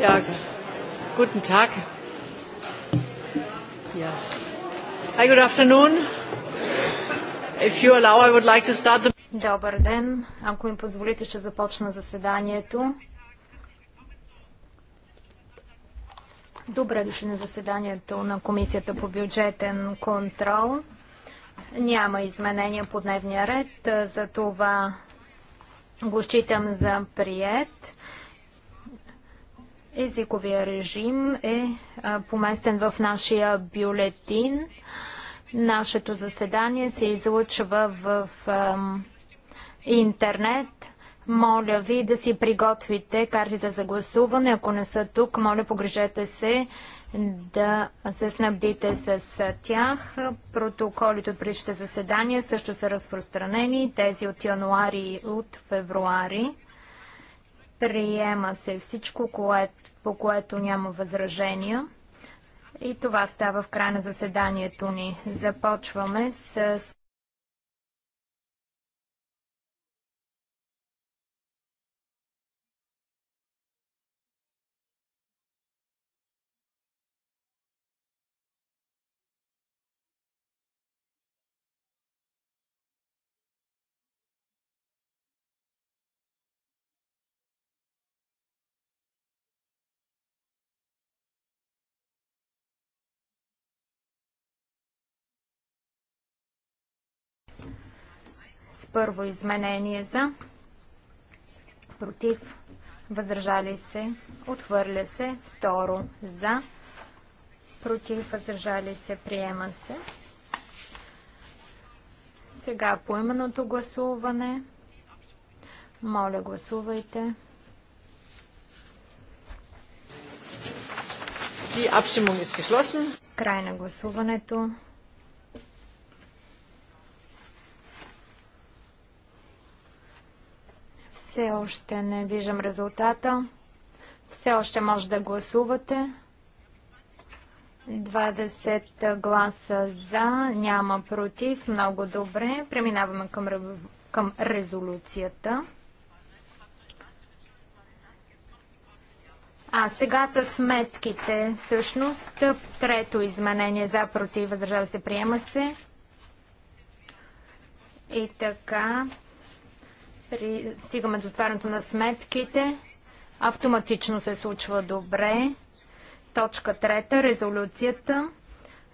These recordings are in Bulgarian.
Ja, guten Tag. Ja. Hi, good afternoon. If you allow, I would like to start the... Добър ден. Ако им позволите, ще започна заседанието. Добре дошли на заседанието на Комисията по бюджетен контрол. Няма изменения по дневния ред, за това го считам за прият. Езиковия режим е поместен в нашия бюлетин. Нашето заседание се излъчва в интернет. Моля ви да си приготвите картите за гласуване. Ако не са тук, моля погрежете се да се снабдите с тях. Протоколите от предишните заседания също са разпространени, тези от януари и от февруари. Приема се всичко, по което няма възражения. И това става в края на заседанието ни. Започваме с Първо изменение за, против, въздържали се, отхвърля се. Второ за, против, въздържали се, приема се. Сега поименото гласуване. Моля, гласувайте. Край на гласуването. Все още не виждам резултата. Все още може да гласувате. 20 гласа за, няма против. Много добре. Преминаваме към, към резолюцията. А сега са сметките. Всъщност, трето изменение за против, въздържава се, приема се. И така, Стигаме до затварянето на сметките. Автоматично се случва добре. Точка трета. Резолюцията.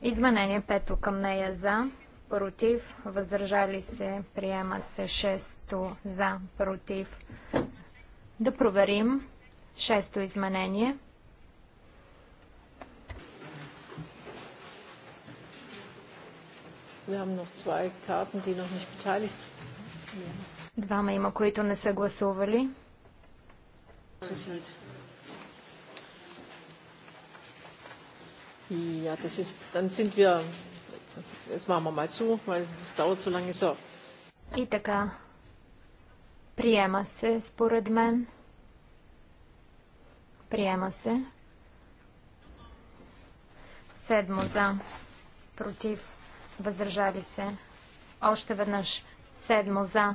Изменение пето към нея за. Против. Въздържали се. Приема се шесто за. Против. Да проверим шесто изменение. Wir haben noch zwei Karten, die noch nicht beteiligt sind. Двама има, които не са гласували. Ja, das ist, dann sind wir, jetzt machen wir mal zu, weil es dauert so lange so. И така, приема се според мен. Приема се. Седмо за, против, въздържали се. Още веднъж. Седмо за,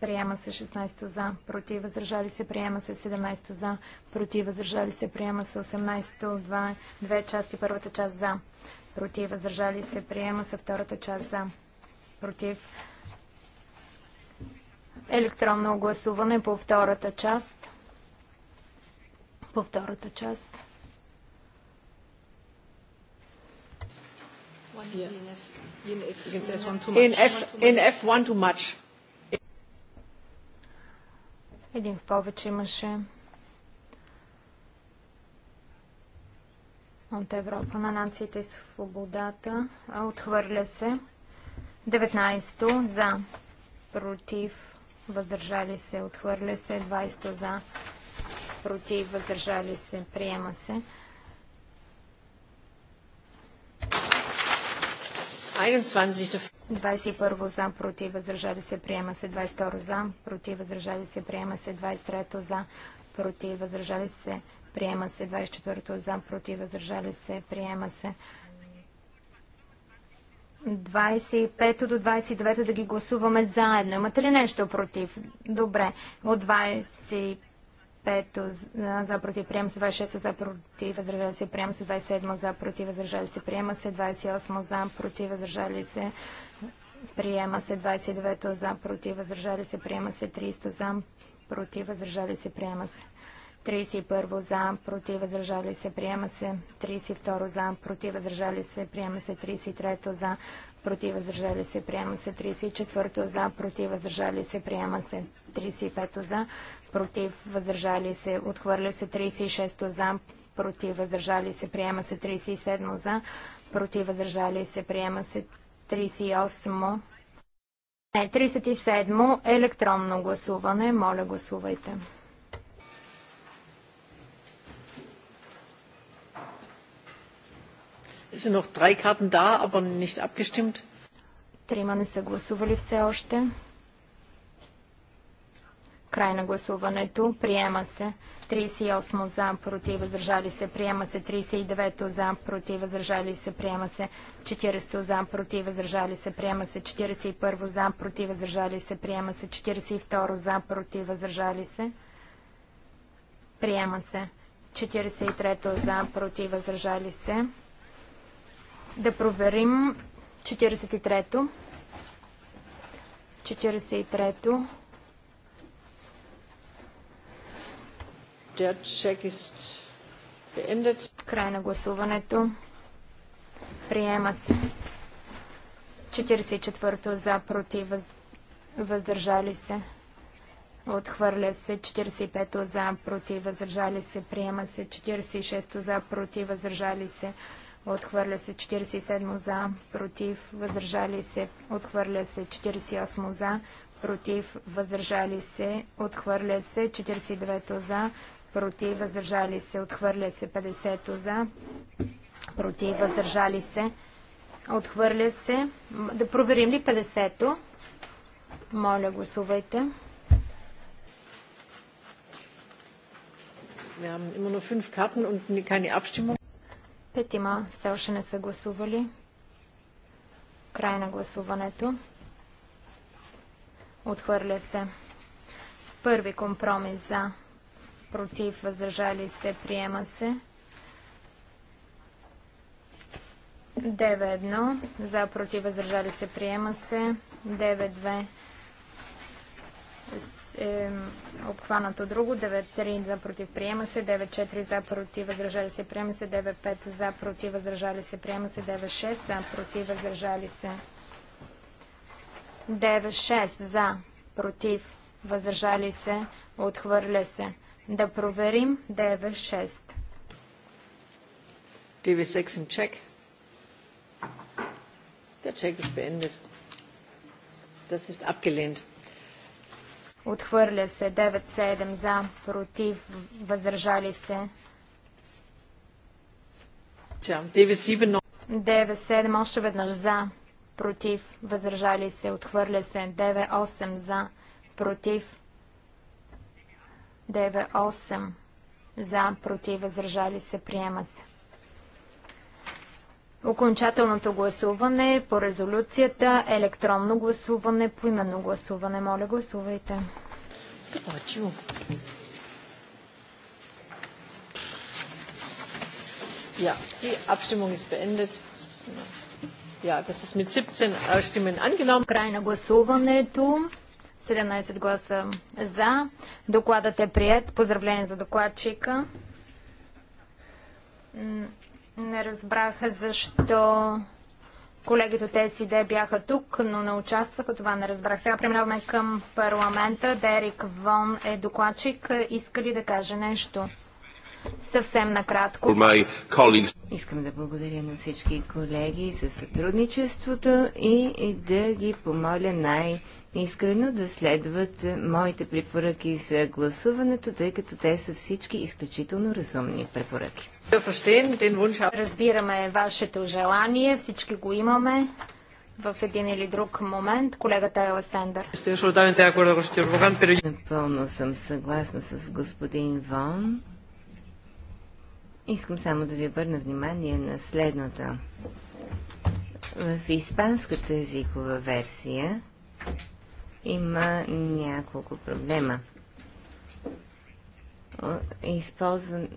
приема се 16 за, против въздържали се, приема се 17 за, против въздържали се, приема се 18 две части, първата част за, против въздържали се, приема се втората част за, против електронно гласуване по втората част. По втората част. In e F, in e F, in e F one too much. Един в повече имаше от Европа на нациите и свободата. Отхвърля се. 19 за, против, въздържали се, отхвърля се. 20 то за, против, въздържали се, приема се. 21 за, против, въздържали се, приема се 22 за, против, въздържали се, приема се 23 за, против, въздържали се, приема се 24 за, против, въздържали се, приема се 25 до 29 да ги гласуваме заедно. Имате ли нещо против? Добре. От 25 25 за против, приема се 26 за против, въздържали се, приема се 27 за против, въздържали се, приема се 28 за против, въздържали се, приема се 29 за против, въздържали се, приема се 300 за против, въздържали се, приема се. 31 за, против, въздържали се, приема се. 32 за, против, въздържали се, приема се. 33 за, против, въздържали се, приема се. 34 за, против, въздържали се, приема се. 35 за, против, въздържали се, отхвърля се 36 за, против, въздържали се, приема се 37 за, против, въздържали се, приема се 38 не, 37 електронно гласуване. Моля, гласувайте. sind noch drei Karten da, aber nicht abgestimmt. Трима не са гласували все още. Край на гласуването. Приема се. 38 за, против, въздържали се. Приема се. 39 за, против, въздържали се. Приема се. 40 за, против, въздържали се. Приема се. 41 за, против, въздържали се. Приема се. 42 за, против, въздържали се. Приема се. 43 за, против, въздържали се. Да проверим 43-то. 43-то. Край на гласуването. Приема се. 44-то за против въздържали се. Отхвърля се 45-то за против въздържали се. Приема се 46-то за против въздържали се. Отхвърля се 47 за, против, въздържали се. Отхвърля се 48 за, против, въздържали се. Отхвърля се 49 за, против, въздържали се, отхвърля се 50 за, против, въздържали се, отхвърля се. Да проверим ли 50-то? Моля, гласувайте. Петима все още не са гласували. Край на гласуването. Отхвърля се. Първи компромис за против, въздържали се, приема се. 9-1 за, против, въздържали се, приема се. 9-2 е обхванато друго. 9-3 за, против, приема се. 9-4 за, против, въздържали се, приема се. 9-5 за, против, въздържали се, приема се. 9-6 за, против, въздържали се. 9-6 за, против, въздържали се, отхвърля се. Да проверим 96. 6 DV6 im Check. Der Check ist beendet. Das ist abgelehnt. Отхвърля се 9-7 за, против, въздържали се. 9-7 още веднъж за, против, въздържали се, отхвърля се. 9-8 за, против, 9-8 за, против, въздържали се, приема се. Окончателното гласуване по резолюцията, електронно гласуване, по именно гласуване. Моля, гласувайте. Ja, die Abstimmung ist beendet. Ja, das ist mit 17 äh, Stimmen angenommen. Край на гласуването. 17 гласа за. Докладът е прият. Поздравление за докладчика. Не разбраха защо колегите от СИД бяха тук, но не участваха. Това не разбрах. Сега преминаваме към парламента. Дерик Вон е докладчик. Иска ли да каже нещо? Съвсем накратко. Искам да благодаря на всички колеги за сътрудничеството и да ги помоля най- искрено да следват моите препоръки за гласуването, тъй като те са всички изключително разумни препоръки. Разбираме вашето желание, всички го имаме в един или друг момент. Колегата Лесендър. Напълно съм съгласна с господин Вон. Искам само да ви обърна внимание на следното. В испанската езикова версия има няколко проблема. Използвам...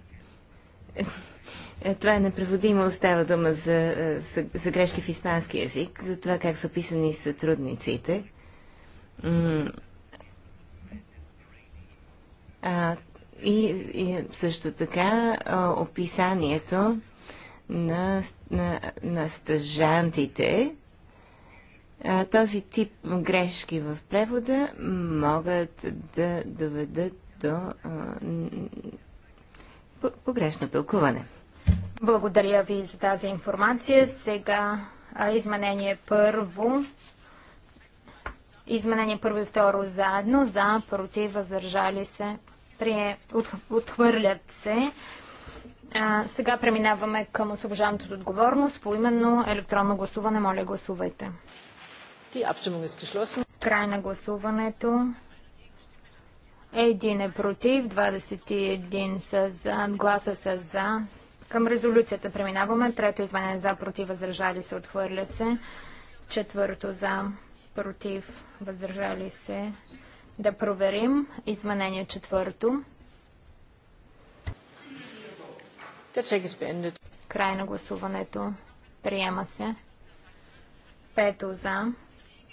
Това е непреводимо, остава дума за, е, за, за грешки в испански язик, за това как са описани сътрудниците. А, и, и също така а, описанието на, на, на стъжантите, този тип грешки в превода могат да доведат до погрешно тълкуване. Благодаря ви за тази информация. Сега изменение първо. Изменение първо и второ заедно. За, против, въздържали се. Прие, отхвърлят се. А, сега преминаваме към освобождаването от отговорност. По именно електронно гласуване, моля гласувайте. Край на гласуването. Един е против, 21 са за, гласа са за. Към резолюцията преминаваме. Трето извънен за, против, въздържали се, отхвърля се. Четвърто за, против, въздържали се. Да проверим изменение четвърто. Край на гласуването. Приема се. Пето за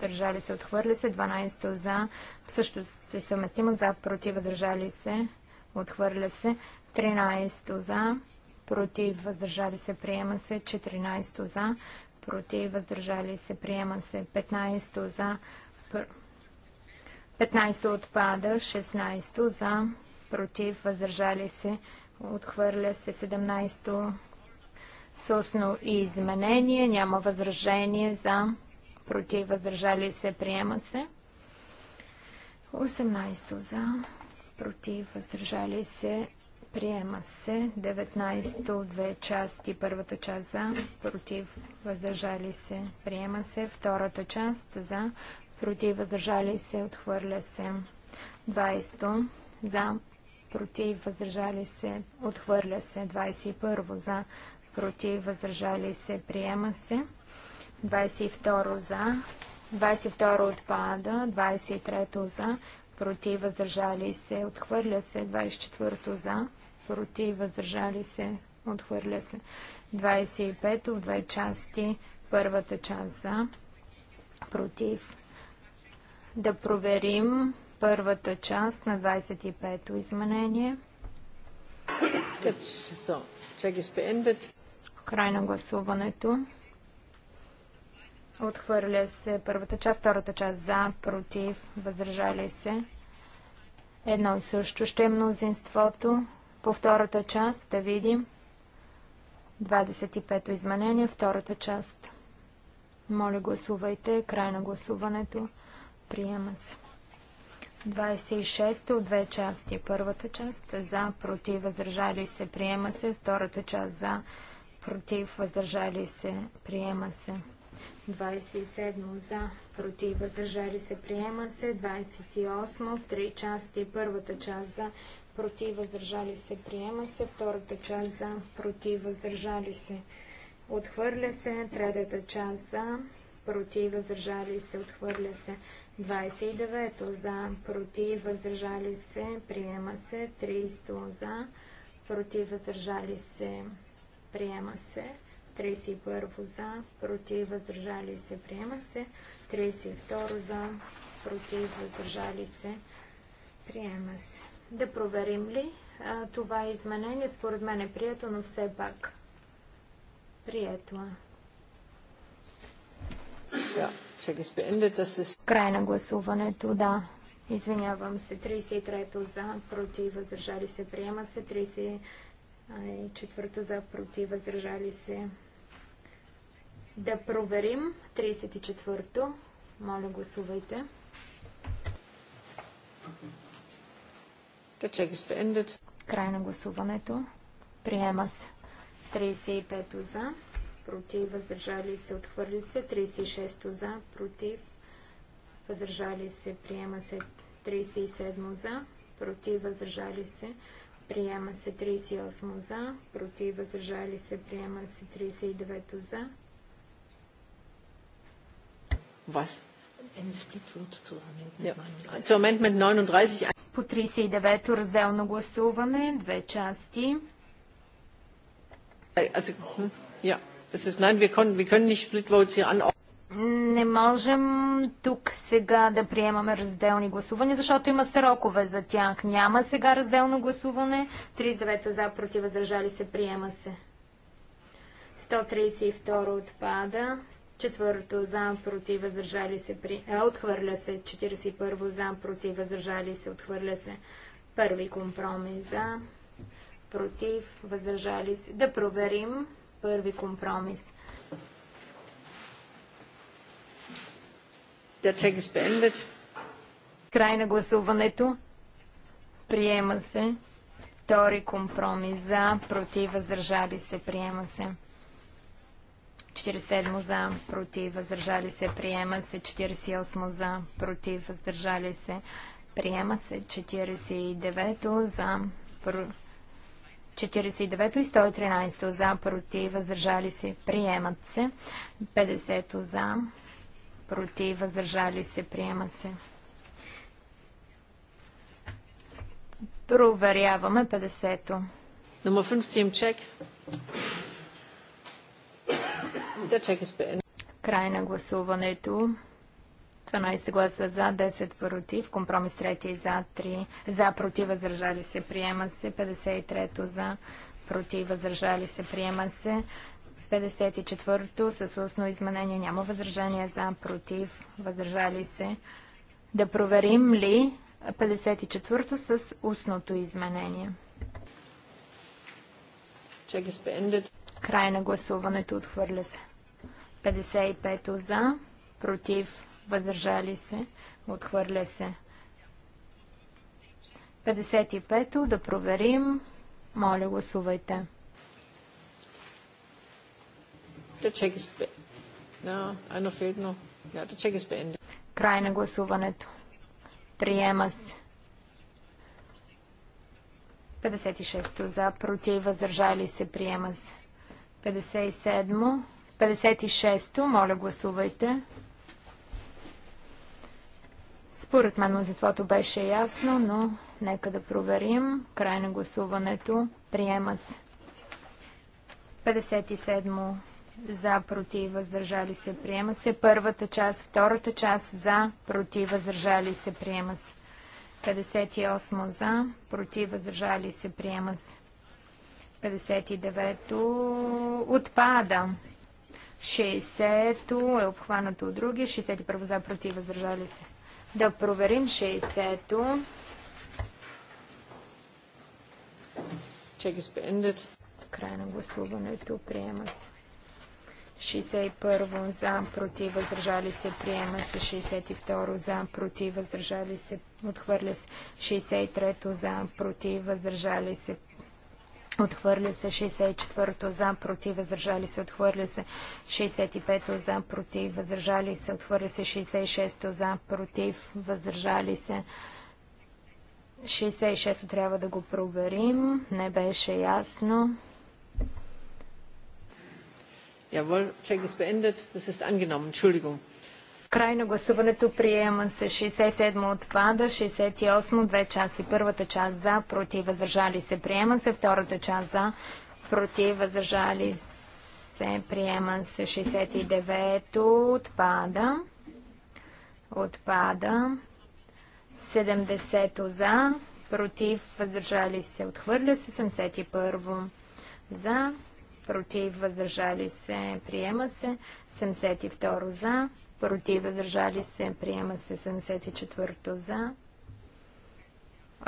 въздържали се, отхвърли се. 12 за, също се съвместимо, за, против, въздържали се, отхвърля се. 13 за, против, въздържали се, приема се. 14 за, против, въздържали се, приема се. 15 за, 15 отпада, 16 за, против, въздържали се, отхвърля се 17 съосно и изменение, няма възражение за против, въздържали се, приема се. 18 за, против, въздържали се, приема се. 19 две части, първата част за, против, въздържали се, приема се. Втората част за, против, въздържали се, отхвърля се. 20 за, против, въздържали се, отхвърля се. 21 за, против, въздържали се, приема се. 22 за, 22 отпада, 23 за, против, въздържали се, отхвърля се, 24 за, против, въздържали се, отхвърля се, 25 в две части, първата част за, против. Да проверим първата част на 25-то изменение. Край на гласуването. Отхвърля се първата част, втората част за, против, въздържали се. Едно и също ще е мнозинството. По втората част да видим 25-то изменение, втората част. Моля гласувайте, край на гласуването. Приема се. 26 от две части. Първата част за, против, въздържали се, приема се. Втората част за, против, въздържали се, приема се. 27 за, против, въздържали се, приема се. 28 в три части, първата част за, против, въздържали се, приема се. Втората част за, против, въздържали се, отхвърля се. Третата част за, против, въздържали се, отхвърля се. 29 за, против, въздържали се, приема се. 30 за, против, въздържали се, приема се. 31 за, против, въздържали се, приема се. 32 за, против, въздържали се, приема се. Да проверим ли а, това е изменение? Според мен е прието, но все пак прието. Е. Край на гласуването, да. Извинявам се, 33-то за, против, въздържали се, приема се, 34-то за, против, въздържали се, да проверим 34-то. Моля, гласувайте. Край на гласуването. Приема се. 35-то за, против, въздържали се, отхвърли се. 36-то за, против, въздържали се, приема се. 37 за, против, въздържали се, приема се. 38 за, против, въздържали се, приема се. 39 за, Was? По 39-то разделно гласуване, две части. Не можем тук сега да приемаме разделни гласувания, защото има срокове за тях. Няма сега разделно гласуване. 39-то за, противъздържали въздържали се, приема се. 132 отпада. Четвърто за, против, въздържали се, при... а, е, отхвърля се. 41 за, против, въздържали се, отхвърля се. Първи компромис за, против, въздържали се. Да проверим първи компромис. Край на гласуването. Приема се. Втори компромис за, против, въздържали се, приема се. 47 за, против, въздържали се, приема се. 48 за, против, въздържали се, приема се. 49 за, 49 и 113 за, против, въздържали се, приемат се. 50 за, против, въздържали се, приема се. Проверяваме 50-то. Номер 50 чек. Край на гласуването. 12 гласа за, 10 против, компромис 3 за, 3 за, против, въздържали се, приема се, 53-то за, против, въздържали се, приема се, 54-то с устно изменение, няма възражение за, против, въздържали се. Да проверим ли 54-то с устното изменение. Чек е Край на гласуването отхвърля се. 55 за, против, въздържали се, отхвърля се. 55 да проверим. Моля, гласувайте. Край на гласуването. Приема се. 56 за, против, въздържали се, приема се. 57. 56. Моля, гласувайте. Според мен мнозинството беше ясно, но нека да проверим. Край на гласуването. Приема се. 57 за, против, въздържали се, приема се. Първата част, втората част за, против, въздържали се, приема се. 58 за, против, въздържали се, приема се. 59-то отпада. 60-то е обхванато от други. 61-то за против, въздържали се. Да проверим 60-то. Край на гласуването приема се. 61 за, против, въздържали се, приема се. 62 за, против, въздържали се, отхвърля се. 63 за, против, въздържали се, Отхвърля се 64-то за, против, въздържали се, отхвърля се 65-то за, против, въздържали се, отхвърля се 66-то за, против, въздържали се. 66-то трябва да го проверим, не беше ясно. Явол, чек ist beendet. Das ist angenommen. Entschuldigung. Край на гласуването приема се 67 отпада, 68 две части. Първата част за, против, въздържали се, приема се. Втората част за, против, въздържали се, приема се. 69 отпада, отпада. 70 за, против, въздържали се, отхвърля се. 71 за, против, въздържали се, приема се. 72 за, против, въздържали се, приема се 74-то за,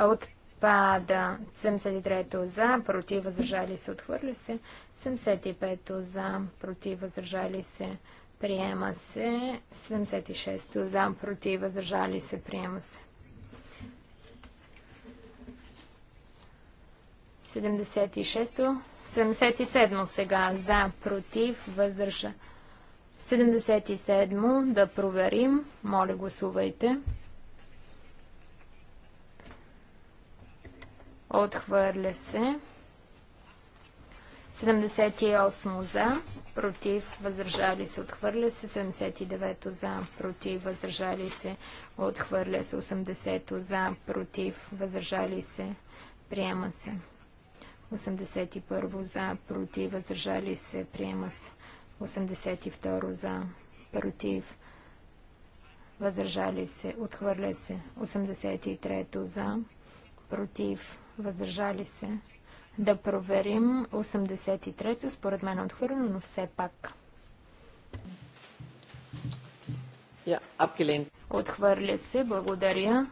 отпада 73-то за, против, въздържали се, отхвърля се, 75-то за, против, въздържали се, приема се, 76-то за, против, въздържали се, приема се. 76-то, 77-то сега за, против, въздържали се 77 да проверим. Моля, гласувайте. Отхвърля се. 78 за, против, въздържали се, отхвърля се. 79 за, против, въздържали се, отхвърля се. 80 за, против, въздържали се, приема се. 81 за, против, въздържали се, приема се. 82 за, против, въздържали се, отхвърля се. 83 за, против, въздържали се. Да проверим 83-то, според мен е отхвърлено, но все пак. Yeah, отхвърля се, благодаря.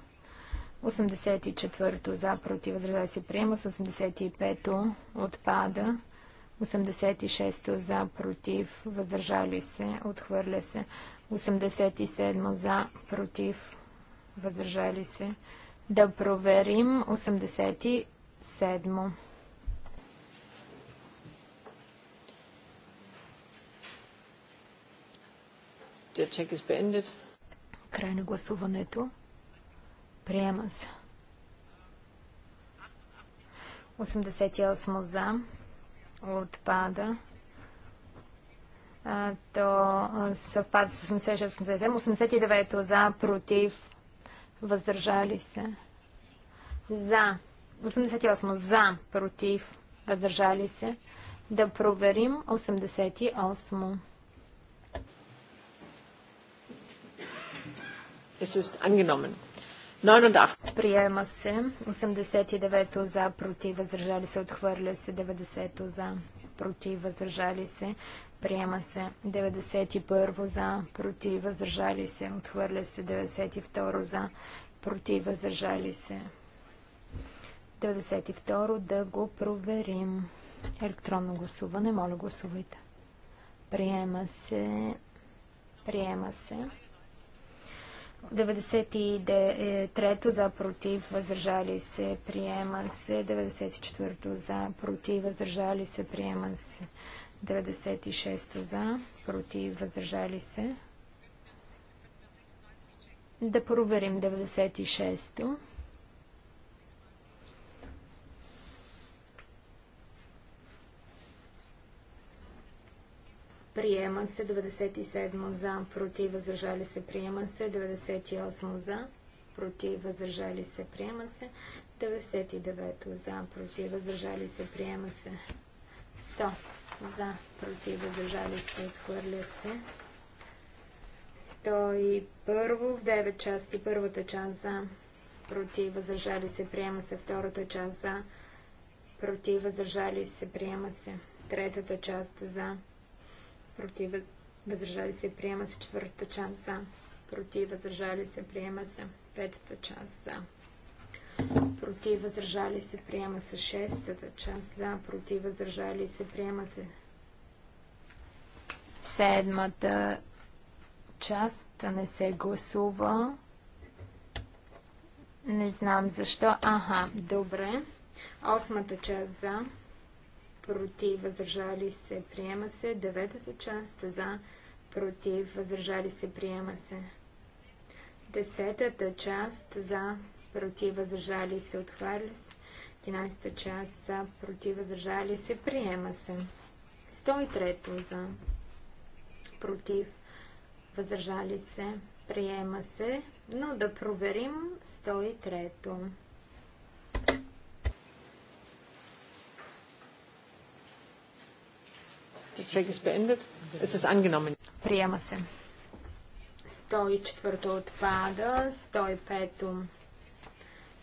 84-то за, против, въздържали се, приема се. 85-то отпада. 86 за, против, въздържали се, отхвърля се. 87 за, против, въздържали се. Да проверим 87. Край на гласуването. Приема се. 88 за, отпада. А, то съвпада с 86-87. 89 за, против, въздържали се. За. 88 за, против, въздържали се. Да проверим 88. Es ist angenommen. 89. Приема се. 89 за, против, въздържали се, отхвърля се. 90 за, против, въздържали се. Приема се 91 за, против, въздържали се. Отхвърля се 92 за, против, въздържали се. 92 да го проверим. Електронно гласуване, моля гласувайте. Приема се. Приема се. 93 за против, въздържали се, приема се. 94 за против, въздържали се, приема се. 96 за против, въздържали се. Да проверим 96-то. Приема се 97 за, против, въздържали се, приема се 98 за, против, въздържали се, приема се 99 за, против, въздържали се, приема се 100 за, против, въздържали се, отхвърля се 101 в 9 части, първата част за, против, въздържали се, приема се втората част за, против, въздържали се, приема се третата част за, против, въздържали се, приема се. Четвъртата част за, против, въздържали се, приема се. Петата част за, против, въздържали се, приема се. Шестата част за, против, въздържали се, приема се. Седмата част не се гласува. Не знам защо. Аха, добре. Осмата част за против, въздържали се, приема се. Деветата част за, против, въздържали се, приема се. Десетата част за, против, въздържали се, отхвърля се. Единайсата част за, против, въздържали се, приема се. 103 за, против, въздържали се, приема се. Но да проверим 103 Check beendet. Приема се. 104-то отпада, 105-то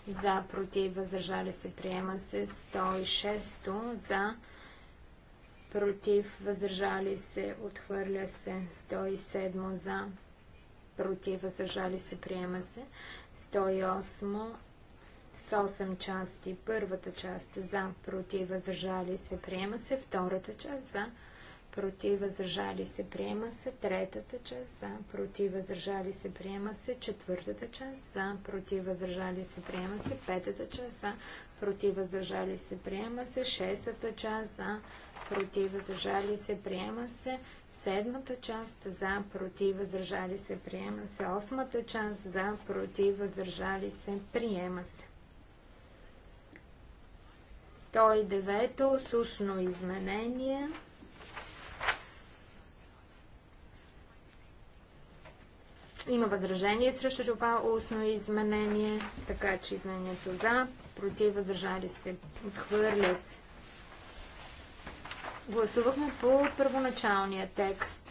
за, против, въздържали се, приема се, 106-то за, против, въздържали се, отхвърля се, 107-то за, против, въздържали се, приема се, 108-то с 8 части. Първата част за, против, въздържали се, приема се, втората част за, против, против, въздържали се, приема се. Третата част за, против, въздържали се, приема се. Четвъртата част за, против, въздържали се, приема се. Петата част за, против, въздържали се, приема се. Шестата част за, против, въздържали се, приема се. Седмата част за, против, въздържали се, приема се. Осмата част за, против, въздържали се, приема се. 109 с устно изменение. Има възражение срещу това устно изменение, така че изменението за, против, въздържали се, отхвърля се. Гласувахме по първоначалния текст.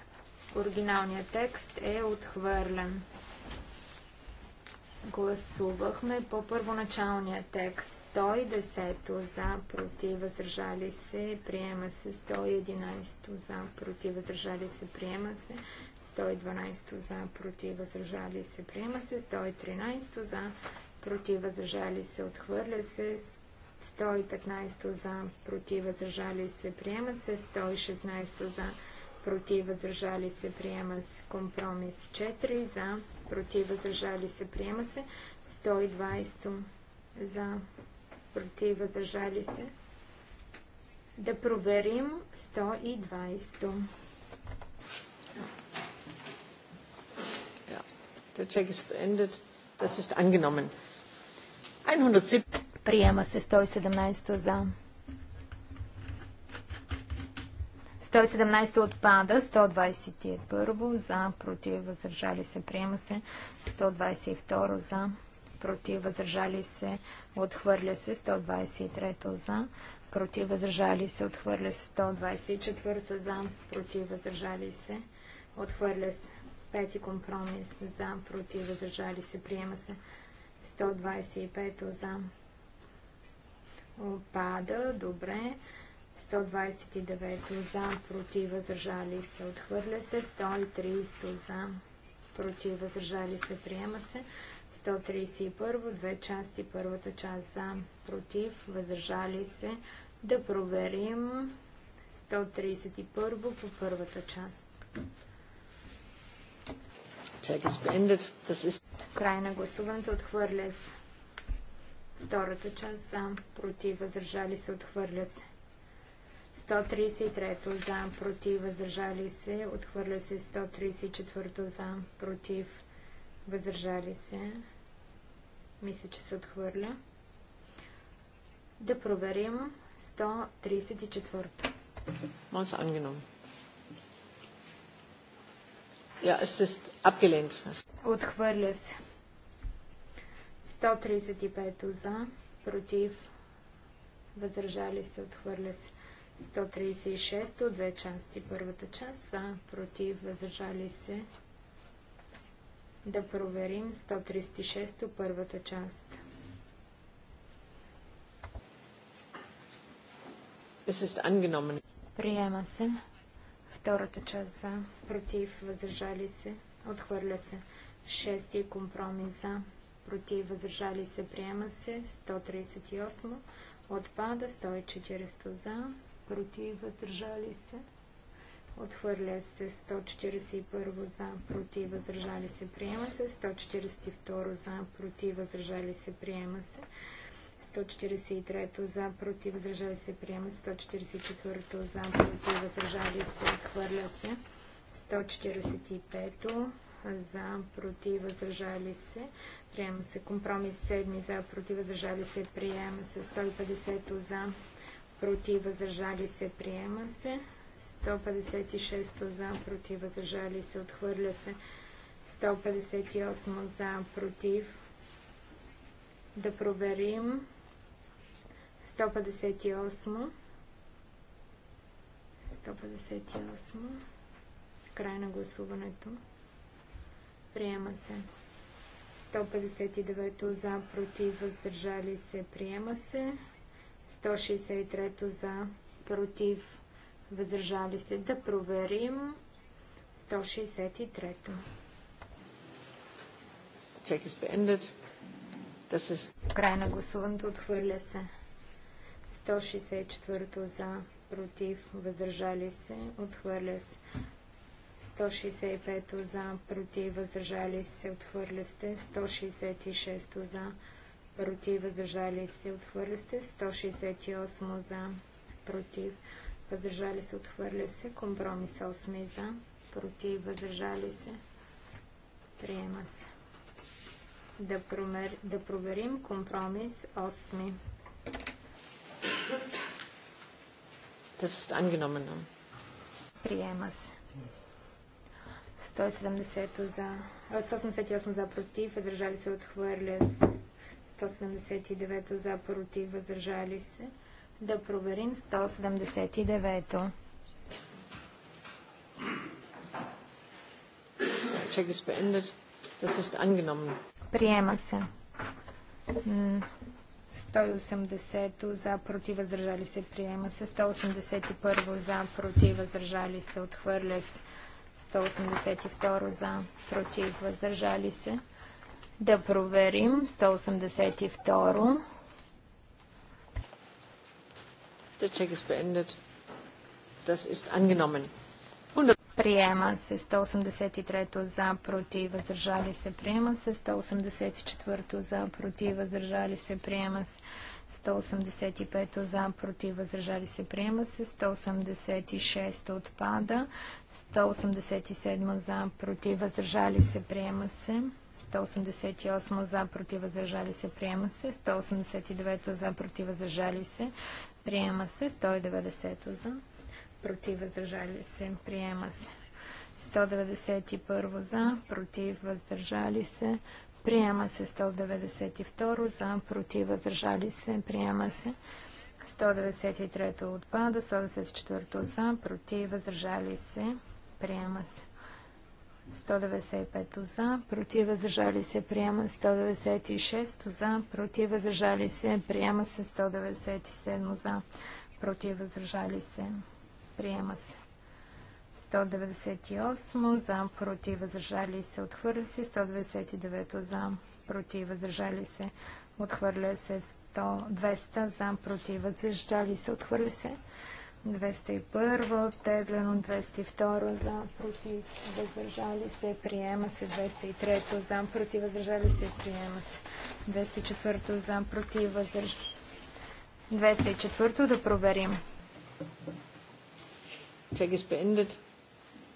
Оригиналният текст е отхвърлен. Гласувахме по първоначалния текст. 110 за, против, въздържали се, приема се. 111 за, против, въздържали се, приема се. 112 за против въздържали се приема се, 113 за против въздържали се отхвърля се, 115 за против въздържали се приема се, 116 за против въздържали се приема се, компромис 4 за против въздържали се приема се, 120 за против въздържали се. Да проверим 120. Der Check ist beendet. Das ist angenommen. 107. Приема се 117 за. 117 отпада, 121 за, против, въздържали се, приема се, 122 за, против, въздържали се, отхвърля се, 123 за, против, въздържали се, отхвърля се, 124 за, против, въздържали се, отхвърля се, Пети компромис за, против, въздържали се, приема се. 125 за. Опада, добре. 129 за, против, въздържали се, отхвърля се. 130 за, против, въздържали се, приема се. 131, две части, първата част за, против, въздържали се. Да проверим 131 по първата част. Край на гласуването отхвърля се. Втората част за, против, въздържали се, отхвърля се. 133 за, против, въздържали се, отхвърля се. 134 за, против, въздържали се. Мисля, че се отхвърля. Да проверим 134. Може ангеном. Ja, es ist abgelehnt. Отхвърля се. 135 за, против, въздържали се, отхвърля се. 136 от две части. Първата част за, против, въздържали се. Да проверим 136 от първата част. Es ist angenommen. Приема се. Втората част за, против, въздържали се, отхвърля се. Шести компромис за, против, въздържали се, приема се. 138 отпада, 140 за, против, въздържали се. Отхвърля се 141 за, против, въздържали се, приема се. 142 за, против, въздържали се, приема се. 143 за, против, въздържали се, приема се. 144 за, против, въздържали се, отхвърля се. 145 за, против, въздържали се, приема се. Компромис 7 за, против, въздържали се, приема се. 150 за, против, въздържали се, приема се. 156 за, против, въздържали се, отхвърля се. 158 за, против. Да проверим. 158. 158. Край на гласуването. Приема се. 159 за, против, въздържали се. Приема се. 163 за, против, въздържали се. Да проверим. 163. Чек is Край на гласуването отхвърля се. 164 за, против, въздържали се, отхвърля се. 165 за, против, въздържали се, отхвърля се. 166 за, против, въздържали се, отхвърля се. 168 за, против, въздържали се, отхвърля се. Компромис 8 за, против, въздържали се, приема се. Да, да проверим компромис 8. Das ist angenommen. Приема се. 170 за, 188 за против, въздържали се, отхвърля се. 179 за против, въздържали се. Да проверим 179-то. Check is beendet. Das ist angenommen. Приема се. 180 за против въздържали се приема се 181 за против въздържали се отхвърля се 182 за против въздържали се да проверим 182 Der Check ist beendet. Das ist angenommen. Приема се 183-то за против въздържали се. Приема се 184-то за против въздържали се. Приема се 185-то за против въздържали се. Приема се 186-то отпада. 187 за против въздържали се. Приема се. 188 за против въздържали се. Приема се. 189 то за против въздържали се. Приема се. 190 за против, въздържали се, приема се. 191 за, против, въздържали се, приема се. 192 за, против, въздържали се, приема се. 193 отпада, 194 за, против, въздържали се, приема се. 195 за, против въздържали се, приема 196 за, против въздържали се, приема се 197 за, против въздържали се, приема се. 198 за, против, въздържали се, отхвърля се. 199 за, против, въздържали се, отхвърля се. 200 за, против, въздържали се, отхвърля се. 201, оттеглено 202 за, против, въздържали се, приема се 203 за, против, въздържали се, приема се 204 за, против, въздържали 204 да проверим. Check ist beendet.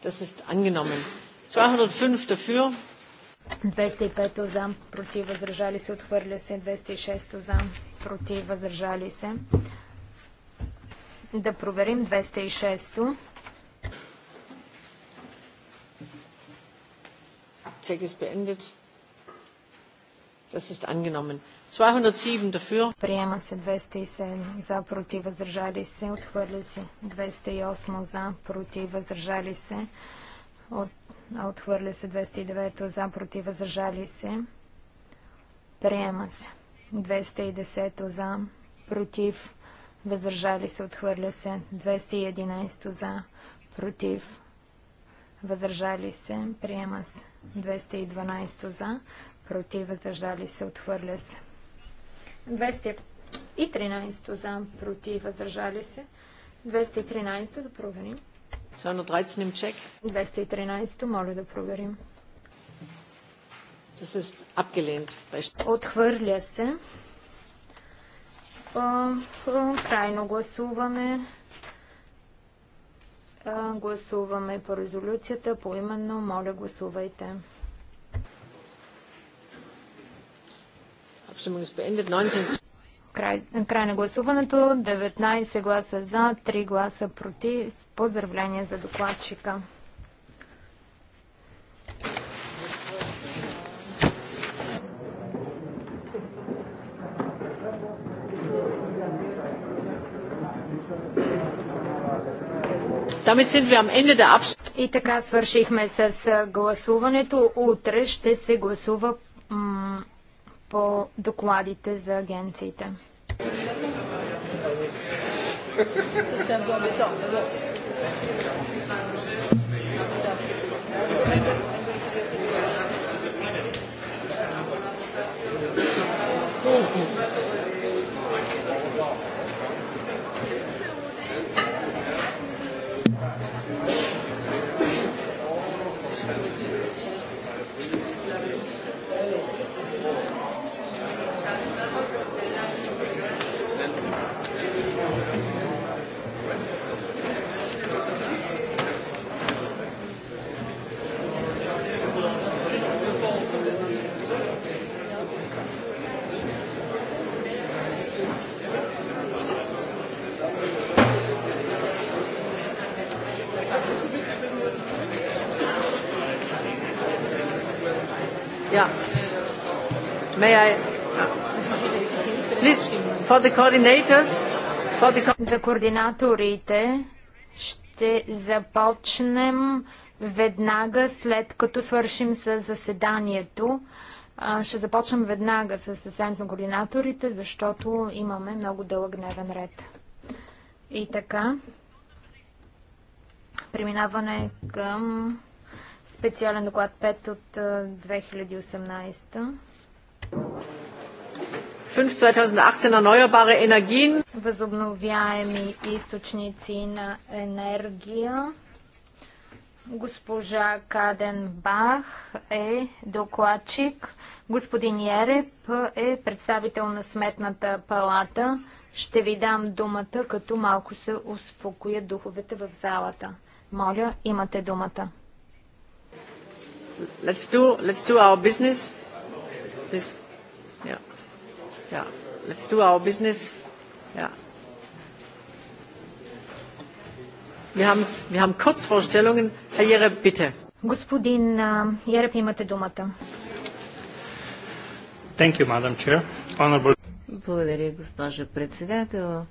Das ist angenommen. 205 dafür. 205 за, против, въздържали се, отхвърля се. 206 за, против, въздържали се. Да проверим 206. Check ist beendet. Das ist angenommen. 207 Приема се 207 за против въздържали се. Отхвърля се 208 за против въздържали се. От, отхвърля се 209 за против въздържали се. Приема се 210 за против въздържали се. Отхвърля се 211 за против въздържали се. Приема се 212 за против въздържали се. Отхвърля се. 213 за, против, въздържали се. 213 да проверим. 213 13 213, моля да проверим. Das ist abgelehnt. Отхвърля се. Крайно гласуване. Гласуваме по резолюцията. По именно, моля, гласувайте. Край, край на гласуването. 19 гласа за, 3 гласа против. Поздравление за докладчика. И така свършихме с гласуването. Утре ще се гласува по докладите за агенциите. System may I... Please, for the coordinators, for the... За координаторите ще започнем веднага след като свършим с заседанието. Ще започнем веднага с заседанието на координаторите, защото имаме много дълъг дневен ред. И така, преминаване към специален доклад 5 от 2018. Възобновяеми източници на енергия. Госпожа Каден Бах е докладчик. Господин Яреп е представител на Сметната палата. Ще ви дам думата, като малко се успокоят духовете в залата. Моля, имате думата. Let's do, let's do our business. Please. Yeah. Yeah. Let's do our business. Yeah. Wir wir haben Kurzvorstellungen. Herr Jereb, bitte. Господин Яреп, имате думата. Thank you, Madam Chair. Honorable... Благодаря, госпожо председател.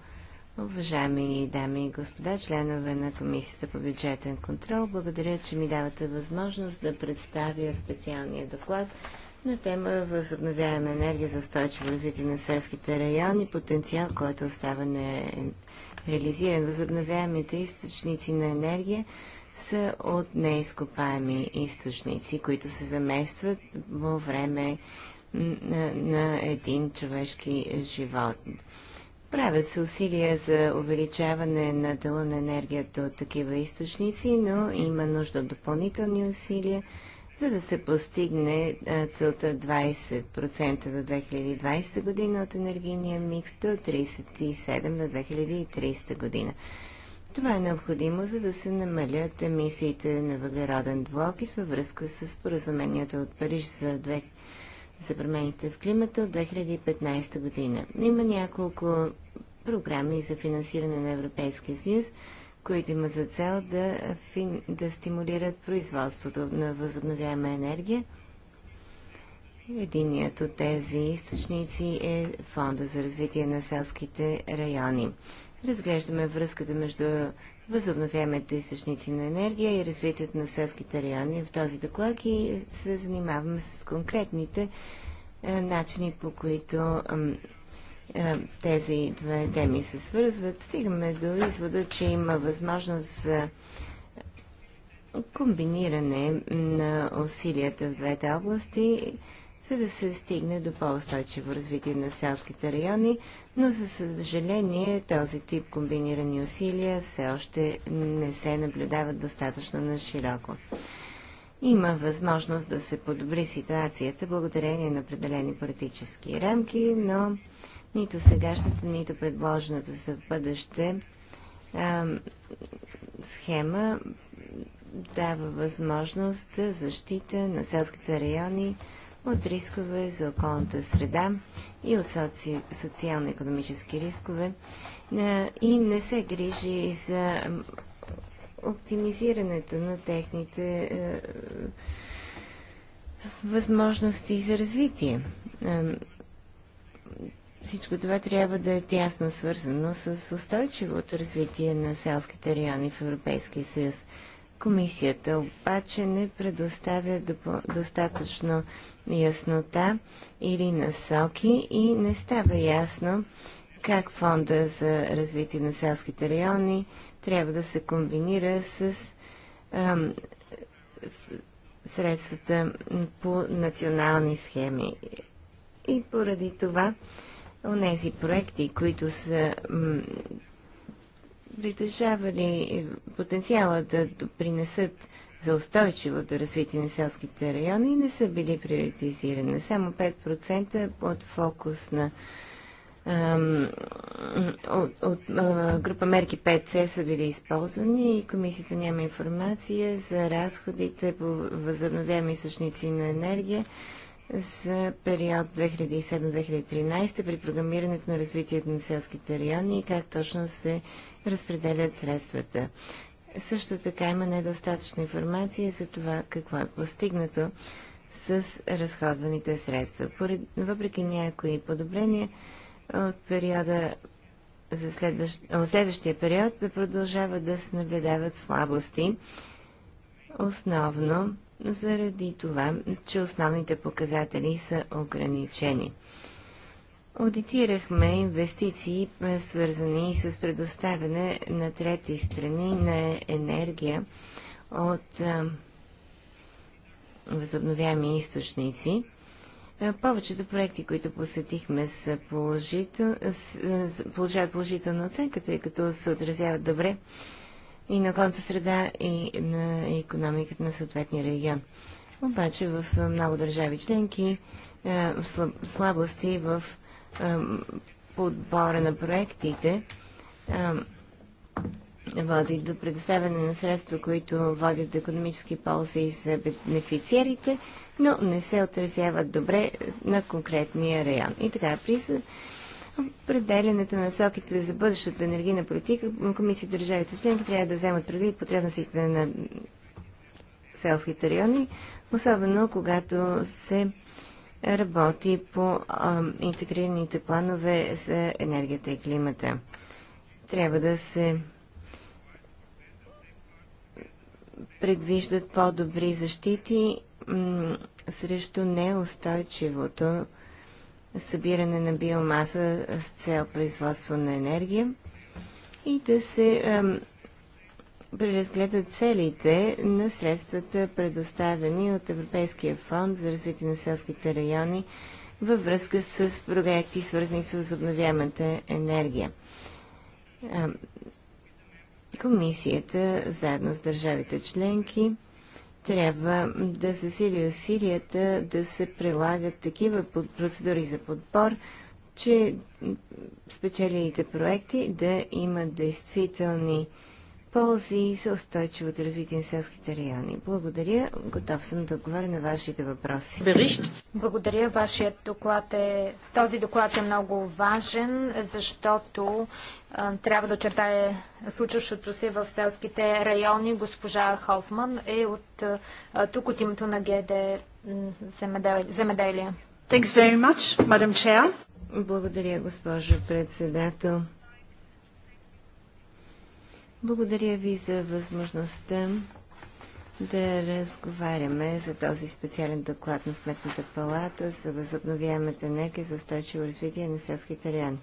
Уважаеми дами и господа, членове на Комисията по бюджетен контрол, благодаря, че ми давате възможност да представя специалния доклад на тема Възобновяема енергия за устойчиво развитие на селските райони, потенциал, който остава не реализиран. Възобновяемите източници на енергия са от неизкопаеми източници, които се заместват во време на, на един човешки живот. Правят се усилия за увеличаване на дела на енергията от такива източници, но има нужда от допълнителни усилия за да се постигне целта 20% до 2020 година от енергийния микс до 37% до 2030 година. Това е необходимо, за да се намалят емисиите на въглероден двуокис във връзка с поразумението от Париж за, две... за промените в климата от 2015 година. Има няколко програми за финансиране на Европейския съюз – които имат за цел да, да стимулират производството на възобновяема енергия. Единият от тези източници е Фонда за развитие на селските райони. Разглеждаме връзката между възобновяемите източници на енергия и развитието на селските райони в този доклад и се занимаваме с конкретните начини, по които е, тези две теми се свързват, стигаме до извода, че има възможност за комбиниране на усилията в двете области, за да се стигне до по-устойчиво развитие на селските райони, но за съжаление този тип комбинирани усилия все още не се наблюдават достатъчно на широко. Има възможност да се подобри ситуацията благодарение на определени политически рамки, но нито сегашната, нито предложената за бъдеще а, схема дава възможност за защита на селските райони от рискове за околната среда и от соци... социално-економически рискове и не се грижи за оптимизирането на техните възможности за развитие. Всичко това трябва да е тясно свързано с устойчивото развитие на селските райони в Европейския съюз. Комисията обаче не предоставя достатъчно яснота или насоки и не става ясно как фонда за развитие на селските райони трябва да се комбинира с ам, средствата по национални схеми. И поради това онези проекти, които са притежавали потенциала да принесат за устойчивото развитие на селските райони не са били приоритизирани. Само 5% от фокус на от, от, от група мерки 5C са били използвани и комисията няма информация за разходите по възобновяеми източници на енергия за период 2007-2013 при програмирането на развитието на селските райони и как точно се разпределят средствата. Също така има недостатъчна информация за това какво е постигнато с разходваните средства. Поред, въпреки някои подобрения от периода за следващ, от следващия период да продължава да се наблюдават слабости, основно заради това, че основните показатели са ограничени. Аудитирахме инвестиции, е, свързани с предоставяне на трети страни на енергия от е, възобновяеми източници. Е, повечето проекти, които посетихме, са положител... получават положителна оценка, тъй като се отразяват добре и на околната среда и на економиката на съответния регион. Обаче в много държави членки слабости в подбора на проектите води до предоставяне на средства, които водят до економически ползи за бенефициерите, но не се отразяват добре на конкретния район. И така, при определенето на насоките за бъдещата енергийна политика, комисията държавите членки трябва да вземат предвид потребностите на селските райони, особено когато се работи по а, интегрираните планове за енергията и климата. Трябва да се предвиждат по-добри защити срещу неустойчивото събиране на биомаса с цел производство на енергия и да се преразгледат целите на средствата, предоставени от Европейския фонд за развитие на селските райони във връзка с проекти, свързани с възобновяемата енергия. комисията, заедно с държавите членки, трябва да засили усилията да се прилагат такива процедури за подбор, че спечелените проекти да имат действителни ползи за устойчивото развитие на селските райони. Благодаря. Готов съм да отговоря на вашите въпроси. Берищ. Благодаря. Вашият доклад е... Този доклад е много важен, защото а, трябва да очертая случващото се в селските райони. Госпожа Хофман е от, а, тук от името на ГД Земеделие. Thanks very much, Madam Chair. Благодаря, госпожо председател. Благодаря ви за възможността да разговаряме за този специален доклад на Сметната палата за възобновяемата енергия за устойчиво развитие на селските райони.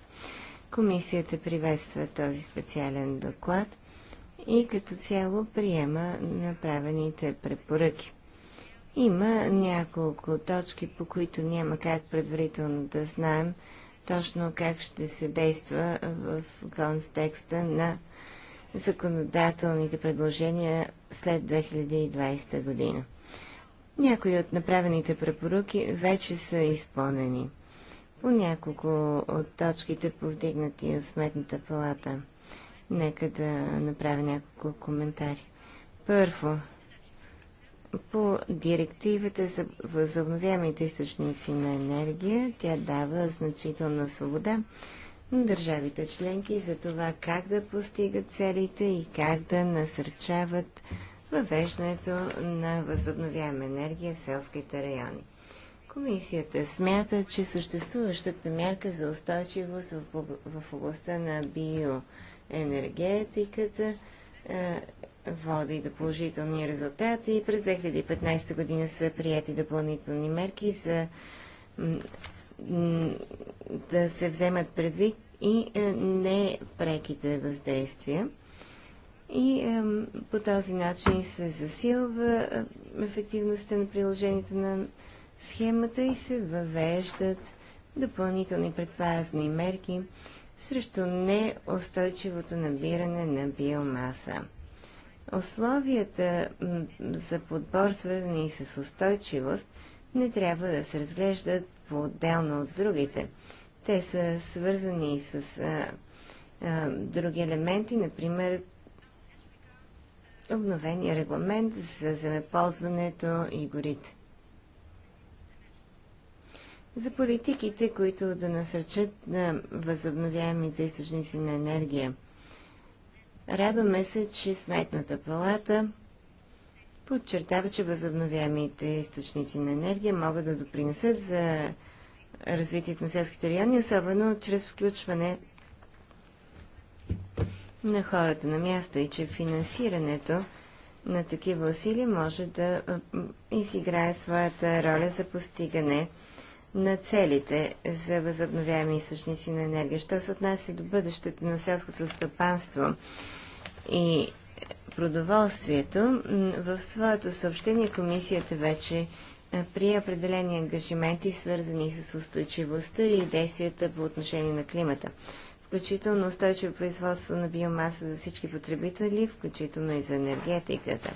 Комисията приветства този специален доклад и като цяло приема направените препоръки. Има няколко точки, по които няма как предварително да знаем точно как ще се действа в контекста на законодателните предложения след 2020 година. Някои от направените препоръки вече са изпълнени. По няколко от точките, повдигнати от Сметната палата, нека да направя няколко коментари. Първо, по директивата за възобновяемите източници на енергия, тя дава значителна свобода държавите членки за това как да постигат целите и как да насърчават въвеждането на възобновяема енергия в селските райони. Комисията смята, че съществуващата мярка за устойчивост в областта на биоенергетиката е, води до положителни резултати и през 2015 година са прияти допълнителни мерки за да се вземат предвид и е, непреките въздействия. И е, по този начин се засилва е, ефективността на приложението на схемата и се въвеждат допълнителни предпазни мерки срещу неустойчивото набиране на биомаса. Условията за подбор, свързани с устойчивост, не трябва да се разглеждат по-отделно от другите. Те са свързани с а, а, други елементи, например обновения регламент за земеползването и горите. За политиките, които да насърчат на възобновяемите източници на енергия. Радваме се, че Сметната палата подчертава, че възобновяемите източници на енергия могат да допринесат за развитието на селските райони, особено чрез включване на хората на място и че финансирането на такива усилия може да изиграе своята роля за постигане на целите за възобновяеми източници на енергия. Що се отнася до бъдещето на селското стопанство и продоволствието, в своето съобщение комисията вече при определени ангажименти, свързани с устойчивостта и действията по отношение на климата, включително устойчиво производство на биомаса за всички потребители, включително и за енергетиката.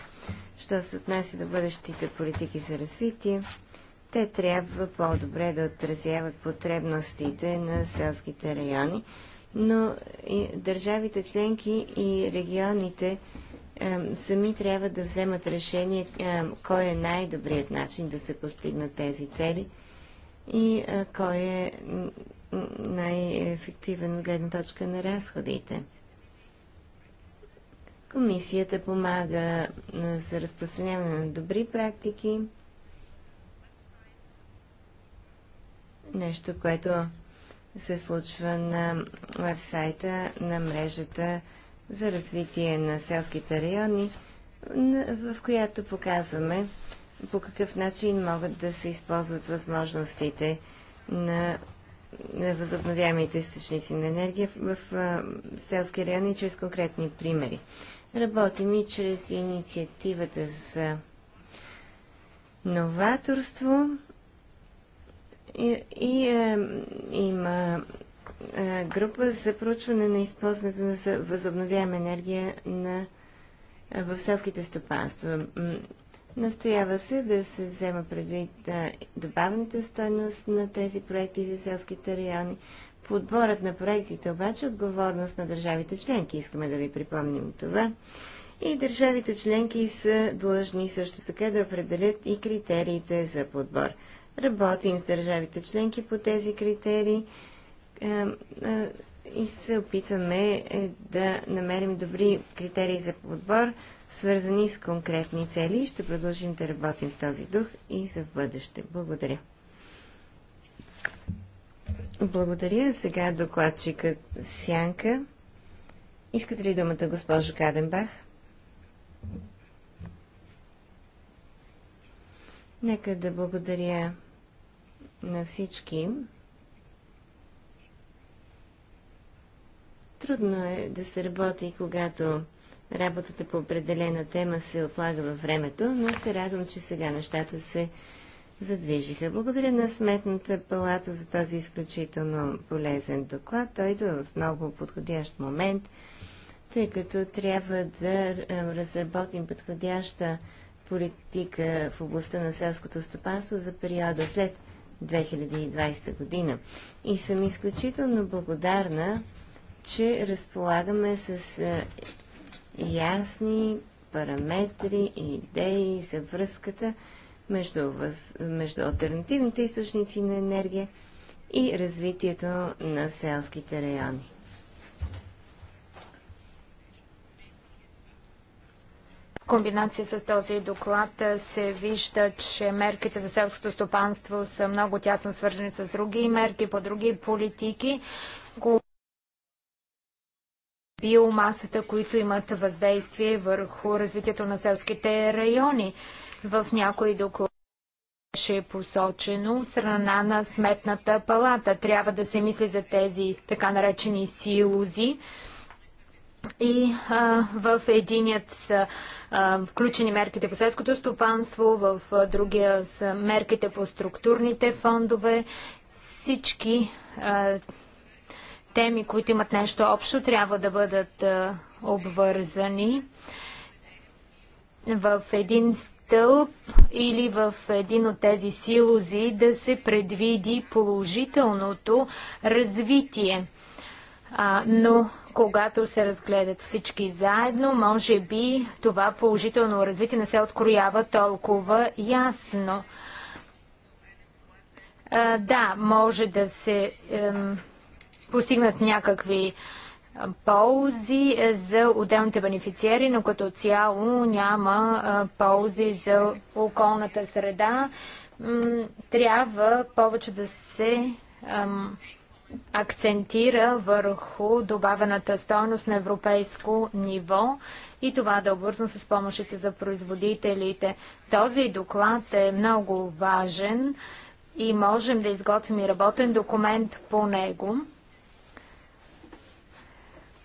Що се отнася до бъдещите политики за развитие, те трябва по-добре да отразяват потребностите на селските райони, но и държавите членки и регионите сами трябва да вземат решение кой е най-добрият начин да се постигнат тези цели и кой е най-ефективен от гледна точка на разходите. Комисията помага за разпространяване на добри практики, нещо, което се случва на вебсайта на мрежата за развитие на селските райони, в която показваме по какъв начин могат да се използват възможностите на възобновяемите източници на енергия в, селски райони чрез конкретни примери. Работим и чрез инициативата за новаторство и, и е, има е, група за проучване на използването на възобновяема енергия на, е, в селските стопанства. Настоява се да се взема предвид добавната стойност на тези проекти за селските райони. Подборът на проектите обаче е отговорност на държавите членки. Искаме да ви припомним това. И държавите членки са длъжни също така да определят и критериите за подбор. Работим с държавите членки по тези критерии е, е, и се опитваме е, да намерим добри критерии за подбор, свързани с конкретни цели. Ще продължим да работим в този дух и за бъдеще. Благодаря. Благодаря. Сега докладчикът Сянка. Искате ли думата, госпожо Каденбах? Нека да благодаря на всички. Трудно е да се работи, когато работата по определена тема се отлага във времето, но се радвам, че сега нещата се задвижиха. Благодаря на Сметната палата за този изключително полезен доклад. Той идва в много подходящ момент, тъй като трябва да разработим подходяща политика в областта на селското стопанство за периода след 2020 година. И съм изключително благодарна че разполагаме с е, ясни параметри и идеи за връзката между, въз... между альтернативните източници на енергия и развитието на селските райони. комбинация с този доклад е, се вижда, че мерките за селското стопанство са много тясно свързани с други мерки по други политики биомасата, които имат въздействие върху развитието на селските райони. В някои документи беше посочено страна на сметната палата. Трябва да се мисли за тези така наречени силузи. И а, в единият са а, включени мерките по селското стопанство, в а, другия са мерките по структурните фондове. Всички а, теми, които имат нещо общо, трябва да бъдат обвързани в един стълб или в един от тези силози да се предвиди положителното развитие. но когато се разгледат всички заедно, може би това положително развитие не се откроява толкова ясно. да, може да се ем, постигнат някакви ползи е, за отделните бенефициери, но като цяло няма ползи за околната среда. Трябва повече да се акцентира върху добавената стойност на европейско ниво и това да обвързано с помощите за производителите. Този доклад е много важен и можем да изготвим и работен документ по него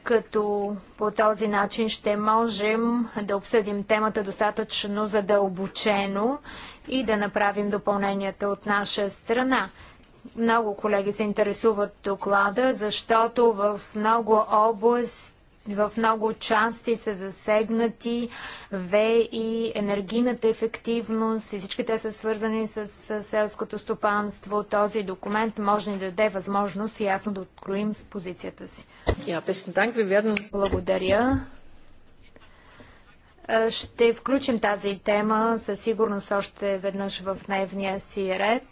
като по този начин ще можем да обсъдим темата достатъчно задълбочено и да направим допълненията от наша страна. Много колеги се интересуват доклада, защото в много области в много части са засегнати ВЕ и енергийната ефективност и всички те са свързани с, с селското стопанство. Този документ може ни да даде възможност и ясно да откроим с позицията си. Благодаря. Ще включим тази тема със сигурност още веднъж в дневния си ред.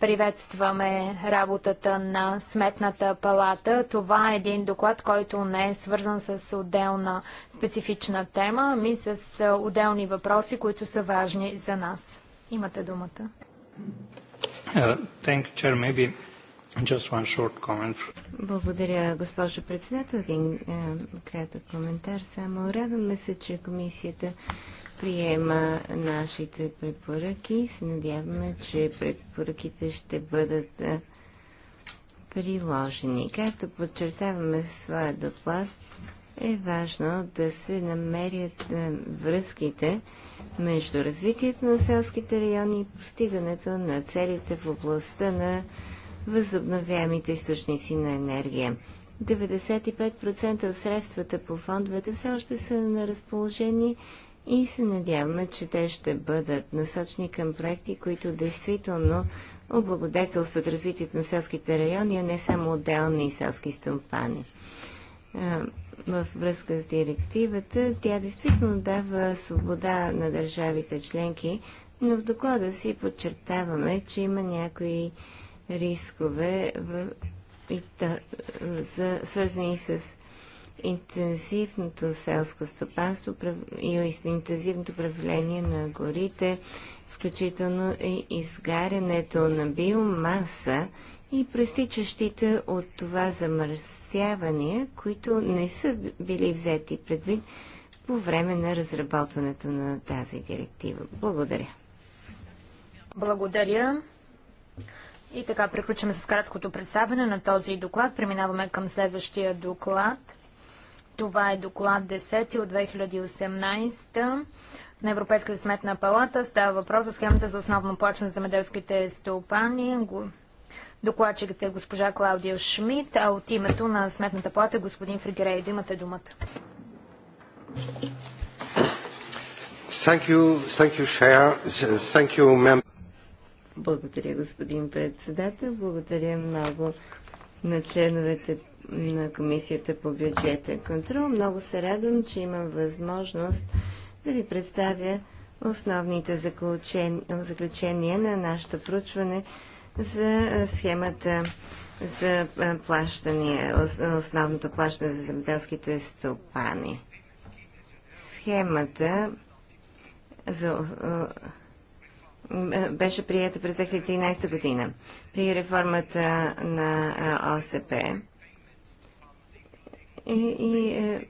Приветстваме работата на Сметната палата. Това е един доклад, който не е свързан с отделна специфична тема, ами с отделни въпроси, които са важни за нас. Имате думата. Uh, Благодаря, госпожо председател. Един е, кратък коментар. Само радваме се, че комисията приема нашите препоръки. Се надяваме, че препоръките ще бъдат приложени. Както подчертаваме в своя доклад, е важно да се намерят връзките между развитието на селските райони и постигането на целите в областта на възобновяемите източници на енергия. 95% от средствата по фондовете все още са на разположение и се надяваме, че те ще бъдат насочени към проекти, които действително облагодетелстват развитието на селските райони, а не само отделни селски стомпани. Във връзка с директивата, тя действително дава свобода на държавите членки, но в доклада си подчертаваме, че има някои рискове в... и та... за... свързани с интензивното селско стопанство и интензивното правление на горите, включително и изгарянето на биомаса и проистичащите от това замърсявания, които не са били взети предвид по време на разработването на тази директива. Благодаря. Благодаря. И така приключваме с краткото представяне на този доклад. Преминаваме към следващия доклад – това е доклад 10 от 2018 на Европейската сметна палата. Става въпрос за схемата за основно плащане за земеделските стопани. Докладчикът е госпожа Клаудия Шмидт, а от името на сметната плата е господин Фригерей. Имате думата. Thank you, thank you, thank you, Благодаря, господин председател. Благодаря много на членовете на Комисията по бюджетен контрол. Много се радвам, че имам възможност да ви представя основните заключения на нашето проучване за схемата за плащания, основното плащане за земеделските стопани. Схемата за, беше прията през 2013 година при реформата на ОСП е, и, е,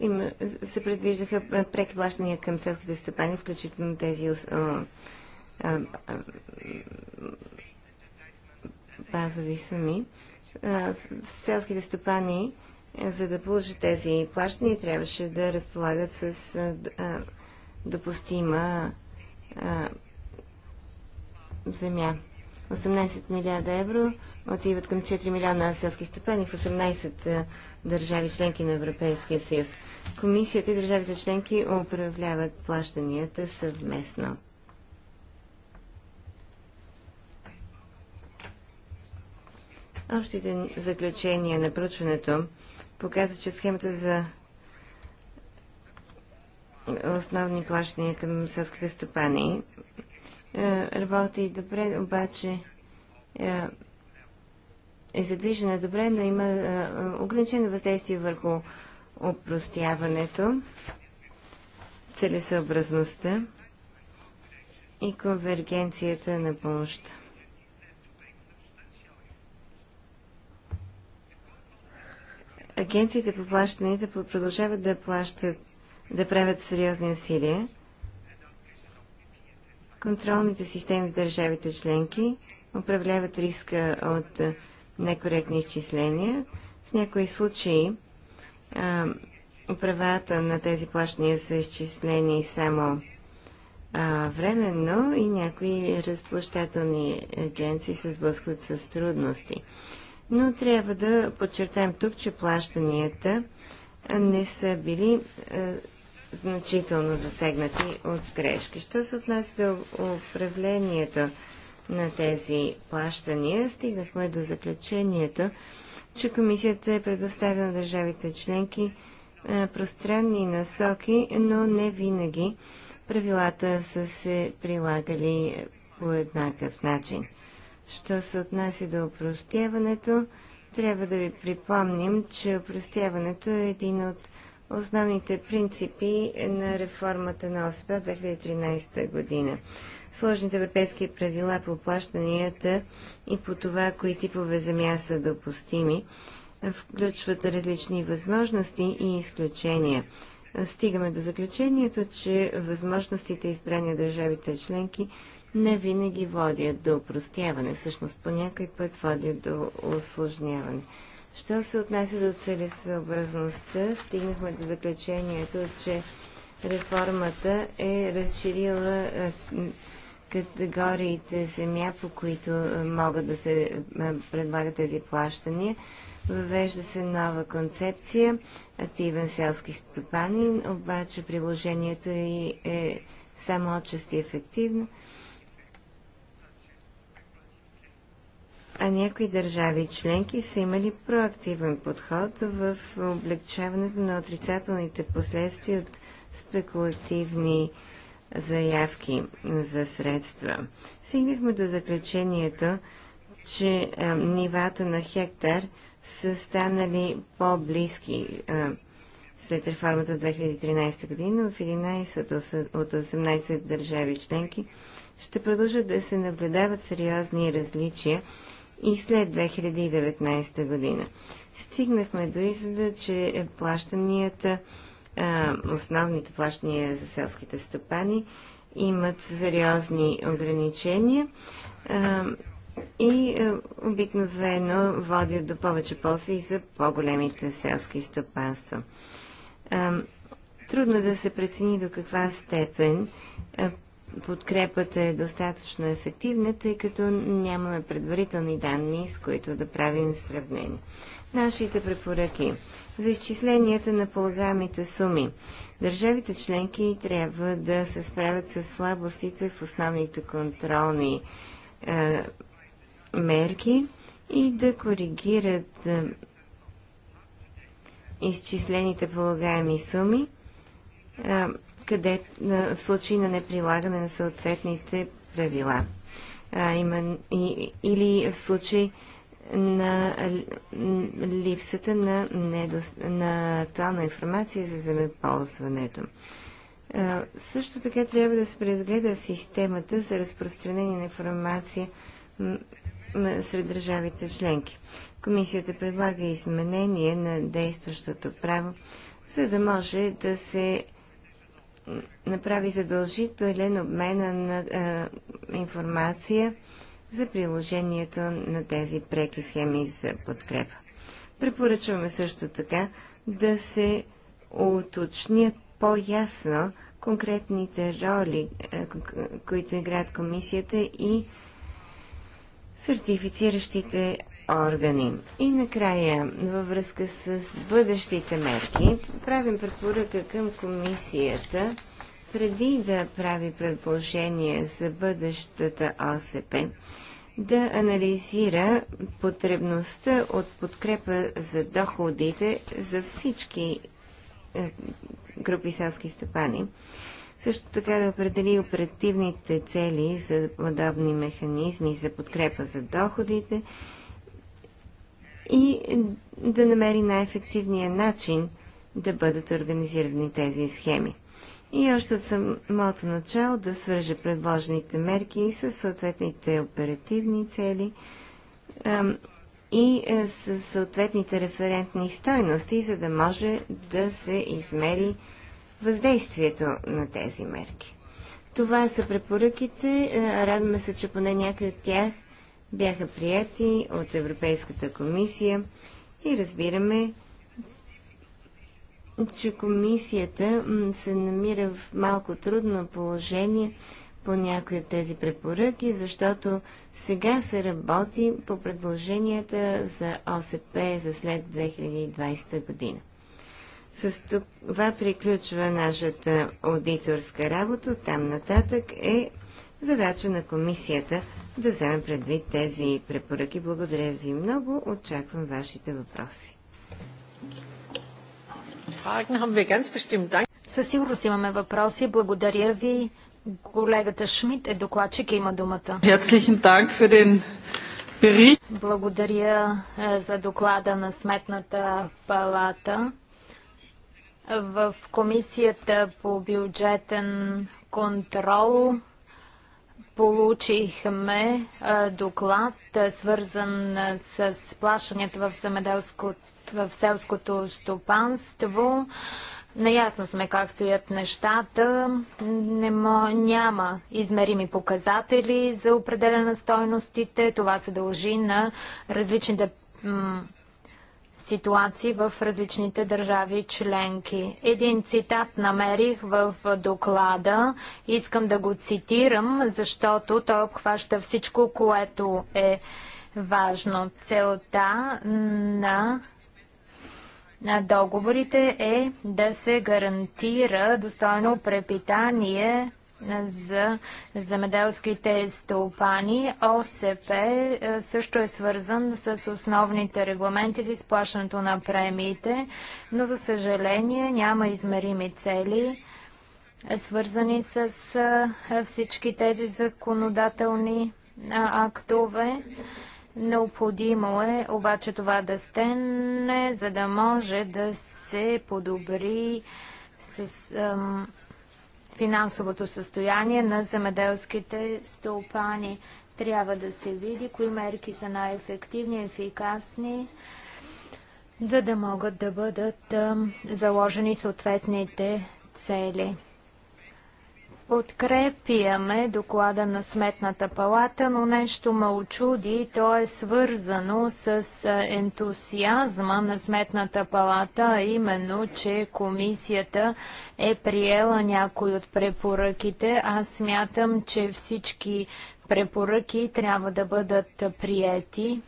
им, се предвиждаха е, преки плащания към селските стопани, включително тези базови суми. в селските стопани, за да получат тези плащания, трябваше да разполагат с допустима земя. 18 милиарда евро отиват към 4 милиона селски степени в 18 държави членки на Европейския съюз. Комисията и държавите членки управляват плащанията съвместно. Общите заключения на проучването показва, че схемата за основни плащания към селските стопани е, работи добре, обаче е, е задвижена добре, но има е, е, ограничено въздействие върху опростяването, целесъобразността и конвергенцията на помощта. Агенциите по плащаните продължават да плащат, да правят сериозни усилия. Контролните системи в държавите членки управляват риска от некоректни изчисления. В някои случаи а, правата на тези плащания са изчислени само а, временно и някои разплащателни агенции се сблъскват с трудности. Но трябва да подчертаем тук, че плащанията не са били а, значително засегнати от грешки. Що се отнася до управлението на тези плащания, стигнахме до заключението, че комисията е предоставила държавите членки е, пространни насоки, но не винаги правилата са се прилагали по еднакъв начин. Що се отнася до опростяването, трябва да ви припомним, че упростяването е един от основните принципи на реформата на ОСП от 2013 година. Сложните европейски правила по плащанията и по това, кои типове земя са допустими, включват различни възможности и изключения. Стигаме до заключението, че възможностите избрани от държавите членки не винаги водят до упростяване, всъщност по някой път водят до осложняване. Що се отнася до целесъобразността, стигнахме до заключението, че реформата е разширила категориите земя, по които могат да се предлагат тези плащания. Въвежда се нова концепция, активен селски стопанин, обаче приложението е само отчасти ефективно. а някои държави членки са имали проактивен подход в облегчаването на отрицателните последствия от спекулативни заявки за средства. Стигнахме до заключението, че а, нивата на хектар са станали по-близки след реформата от 2013 година. В 11 от 18 държави членки ще продължат да се наблюдават сериозни различия и след 2019 година. Стигнахме до извода, че плащанията, основните плащания за селските стопани имат сериозни ограничения и обикновено водят до повече полза и за по-големите селски стопанства. Трудно е да се прецени до каква степен подкрепата е достатъчно ефективна, тъй като нямаме предварителни данни, с които да правим сравнение. Нашите препоръки за изчисленията на полагаемите суми. Държавите членки трябва да се справят с слабостите в основните контролни е, мерки и да коригират е, изчислените полагаеми суми е, къде, в случай на неприлагане на съответните правила. А, има, и, или в случай на липсата на, недо, на актуална информация за земеползването. А, също така трябва да се преразгледа системата за разпространение на информация сред държавите членки. Комисията предлага изменение на действащото право, за да може да се направи задължителен обмена на а, е, информация за приложението на тези преки схеми за подкрепа. Препоръчваме също така да се уточнят по-ясно конкретните роли, е, които играят комисията и сертифициращите органи. И накрая, във връзка с бъдещите мерки, правим препоръка към комисията преди да прави предложение за бъдещата ОСП, да анализира потребността от подкрепа за доходите за всички е, групи селски стопани. Също така да определи оперативните цели за подобни механизми за подкрепа за доходите и да намери най-ефективния начин да бъдат организирани тези схеми. И още от самото начало да свърже предложените мерки с съответните оперативни цели и е, с съответните референтни стойности, за да може да се измери въздействието на тези мерки. Това са препоръките. Е, радваме се, че поне някои от тях бяха прияти от Европейската комисия и разбираме, че комисията се намира в малко трудно положение по някои от тези препоръки, защото сега се работи по предложенията за ОСП за след 2020 година. С това приключва нашата аудиторска работа. Там нататък е задача на комисията да вземе предвид тези препоръки. Благодаря ви много. Очаквам вашите въпроси. Със сигурност имаме въпроси. Благодаря ви. Колегата Шмидт е докладчик и има думата. Благодаря е, за доклада на Сметната палата. В комисията по бюджетен контрол Получихме доклад, свързан с плащанията в, в селското стопанство. Наясно сме как стоят нещата. Нема, няма измерими показатели за определена стойностите. Това се дължи на различните ситуации в различните държави членки. Един цитат намерих в доклада. Искам да го цитирам, защото той обхваща всичко, което е важно. Целта на на договорите е да се гарантира достойно препитание за земеделските стопани. ОСП е, също е свързан с основните регламенти за изплащането на премиите, но за съжаление няма измерими цели свързани с е, всички тези законодателни е, актове. Необходимо е обаче това да стене, за да може да се подобри с, ам, финансовото състояние на земеделските стълпани. Трябва да се види кои мерки са най-ефективни, ефикасни, за да могат да бъдат заложени съответните цели. Подкрепяме доклада на Сметната палата, но нещо ме очуди и то е свързано с ентусиазма на Сметната палата, а именно, че комисията е приела някой от препоръките. Аз смятам, че всички препоръки трябва да бъдат приети.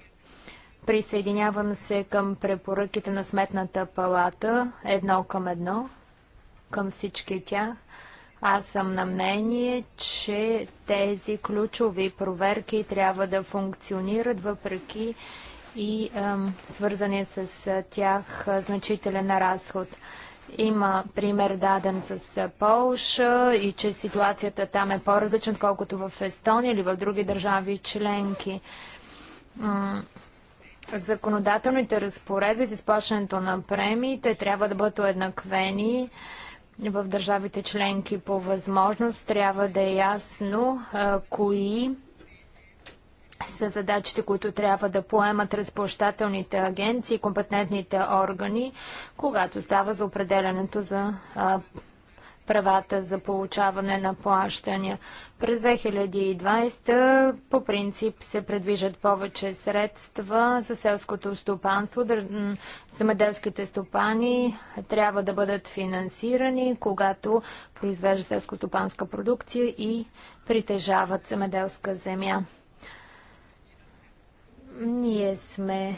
Присъединявам се към препоръките на Сметната палата, едно към едно, към всички тях. Аз съм на мнение, че тези ключови проверки трябва да функционират въпреки и свързани с тях значителен разход. Има пример даден с Полша и че ситуацията там е по-различна, колкото в Естония или в други държави членки. Законодателните разпоредби за изплащането на премиите трябва да бъдат уеднаквени в държавите членки по възможност. Трябва да е ясно а, кои са задачите, които трябва да поемат разплащателните агенции, компетентните органи, когато става за определенето за а, правата за получаване на плащания. През 2020 по принцип се предвижат повече средства за селското стопанство. Земеделските стопани трябва да бъдат финансирани, когато произвежда селско-стопанска продукция и притежават земеделска земя. Ние сме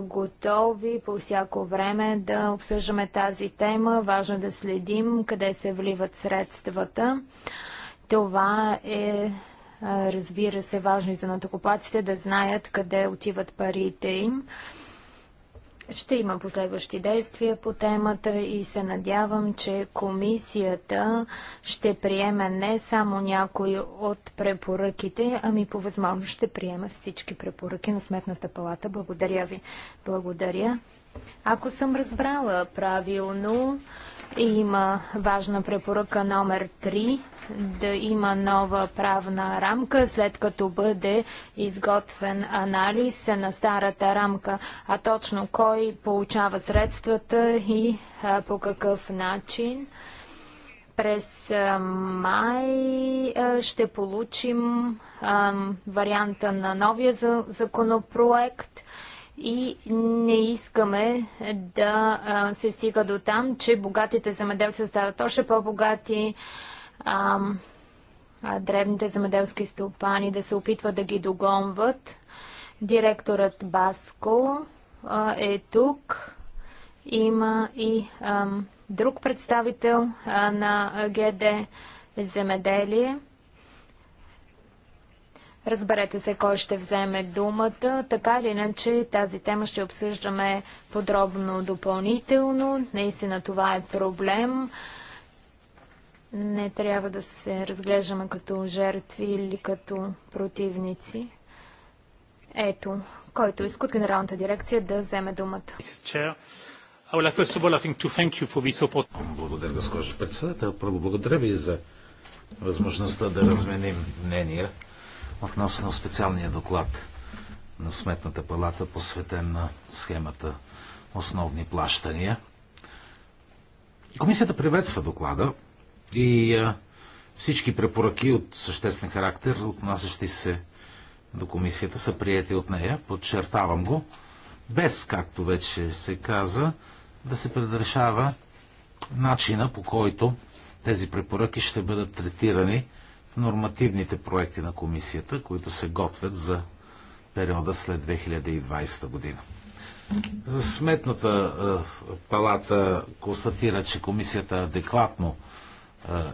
готови по всяко време да обсъждаме тази тема. Важно е да следим къде се вливат средствата. Това е, разбира се, важно и за натокопаците да знаят къде отиват парите им. Ще има последващи действия по темата и се надявам, че комисията ще приеме не само някои от препоръките, ами по възможност ще приеме всички препоръки на Сметната палата. Благодаря ви. Благодаря. Ако съм разбрала правилно, има важна препоръка номер 3 да има нова правна рамка, след като бъде изготвен анализ на старата рамка, а точно кой получава средствата и по какъв начин. През май ще получим варианта на новия законопроект и не искаме да се стига до там, че богатите земеделци стават още по-богати, а, а, древните земеделски стопани да се опитват да ги догонват. Директорът Баско а, е тук. Има и а, друг представител а, на ГД Земеделие. Разберете се кой ще вземе думата. Така или иначе тази тема ще обсъждаме подробно допълнително. Наистина това е проблем не трябва да се разглеждаме като жертви или като противници. Ето, който иска от Генералната дирекция да вземе думата. Благодаря, госпожо председател. Първо благодаря ви за възможността да разменим мнения относно специалния доклад на Сметната палата, посветен на схемата основни плащания. Комисията приветства доклада, и а, всички препоръки от съществен характер, отнасящи се до комисията, са приети от нея, подчертавам го, без, както вече се каза, да се предрешава начина по който тези препоръки ще бъдат третирани в нормативните проекти на комисията, които се готвят за периода след 2020 година. За сметната палата констатира, че комисията адекватно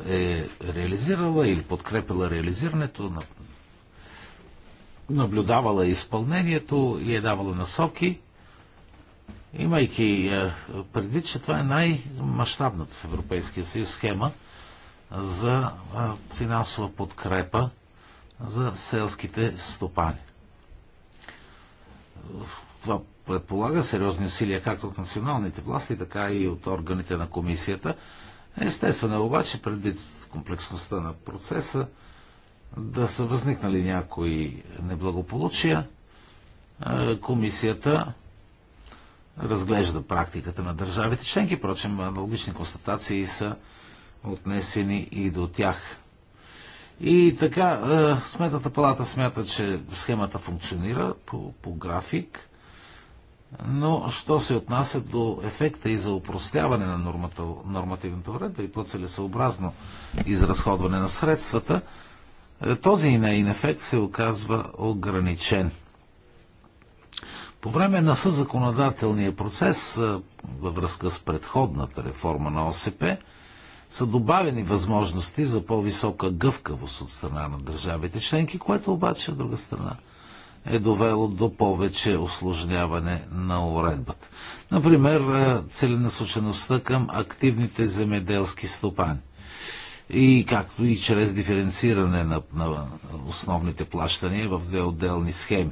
е реализирала или подкрепила реализирането, наблюдавала изпълнението и е давала насоки, имайки предвид, че това е най-мащабната в Европейския съюз схема за финансова подкрепа за селските стопани. Това предполага сериозни усилия както от националните власти, така и от органите на комисията. Естествено е, обаче, предвид комплексността на процеса, да са възникнали някои неблагополучия, е, комисията разглежда практиката на държавите членки, прочим аналогични констатации са отнесени и до тях. И така, е, Сметната палата смята, че схемата функционира по, по график, но, що се отнася до ефекта и за упростяване на нормативната уредба и по целесообразно изразходване на средствата, е, този нейн ефект се оказва ограничен. По време на съзаконодателния процес е, във връзка с предходната реформа на ОСП са добавени възможности за по-висока гъвкавост от страна на държавите членки, което обаче от друга страна е довело до повече осложняване на уредбата. Например, е, целенасочеността към активните земеделски стопани. И както и чрез диференциране на, на основните плащания в две отделни схеми.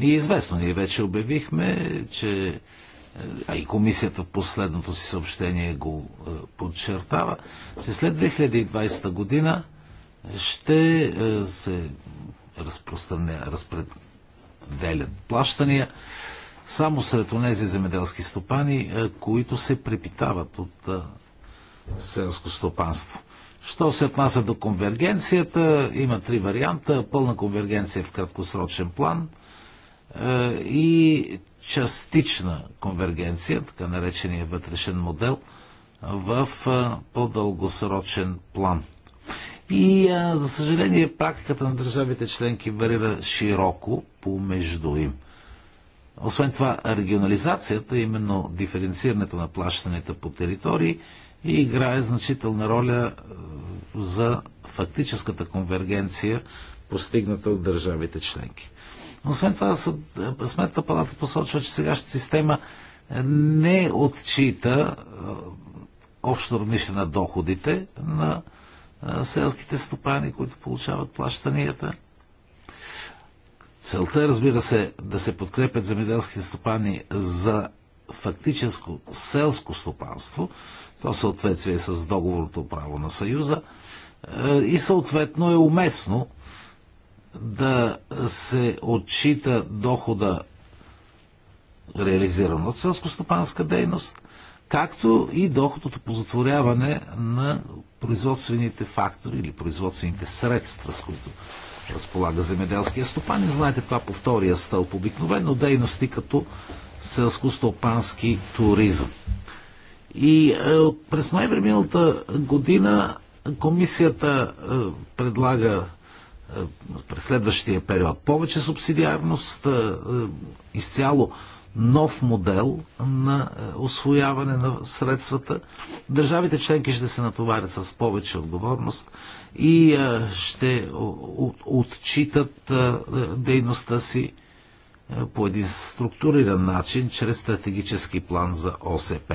И е известно, ние вече обявихме, че е, а и комисията в последното си съобщение го подчертава, че след 2020 година ще се разпространя, разпред, велят плащания само сред тези земеделски стопани, е, които се препитават от е, селско стопанство. Що се отнася до конвергенцията, има три варианта. Пълна конвергенция в краткосрочен план е, и частична конвергенция, така наречения вътрешен модел, в по-дългосрочен план – и, а, за съжаление, практиката на държавите членки варира широко помежду им. Освен това, регионализацията, именно диференцирането на плащанията по територии, играе значителна роля за фактическата конвергенция, постигната от държавите членки. Освен това, Сметната палата посочва, че сегашната система не отчита общо равнище на доходите на селските стопани, които получават плащанията. Целта е, разбира се, да се подкрепят земеделските стопани за фактическо селско стопанство, то съответствие е с договорното право на Съюза, е, и съответно е уместно да се отчита дохода реализиран от селско-стопанска дейност, както и доход от опозотворяване на производствените фактори или производствените средства, с които разполага земеделския И Знаете това по втория стълб. Обикновено дейности като селско-стопански туризъм. И е, през ноември миналата година комисията е, предлага е, през следващия период повече субсидиарност, изцяло нов модел на е, освояване на средствата. Държавите членки ще се натоварят с повече отговорност и е, ще отчитат е, дейността си по един структуриран начин чрез стратегически план за ОСП.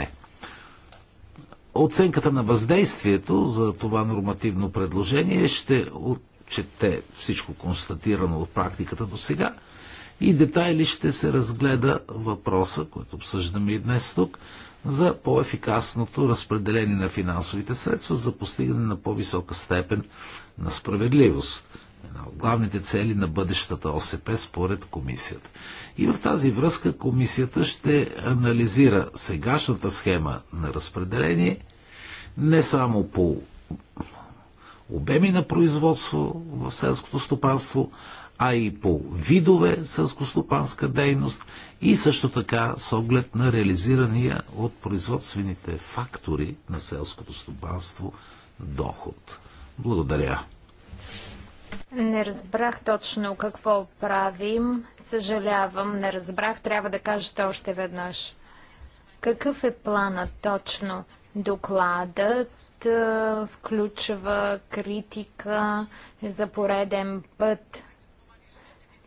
Оценката на въздействието за това нормативно предложение ще отчете всичко констатирано от практиката до сега и детайли ще се разгледа въпроса, който обсъждаме и днес тук, за по-ефикасното разпределение на финансовите средства за постигане на по-висока степен на справедливост. Една от главните цели на бъдещата ОСП според комисията. И в тази връзка комисията ще анализира сегашната схема на разпределение не само по обеми на производство в селското стопанство, а и по видове сълскостопанска дейност и също така с оглед на реализирания от производствените фактори на селското стопанство доход. Благодаря. Не разбрах точно какво правим. Съжалявам, не разбрах. Трябва да кажете още веднъж. Какъв е планът точно? Докладът включва критика за пореден път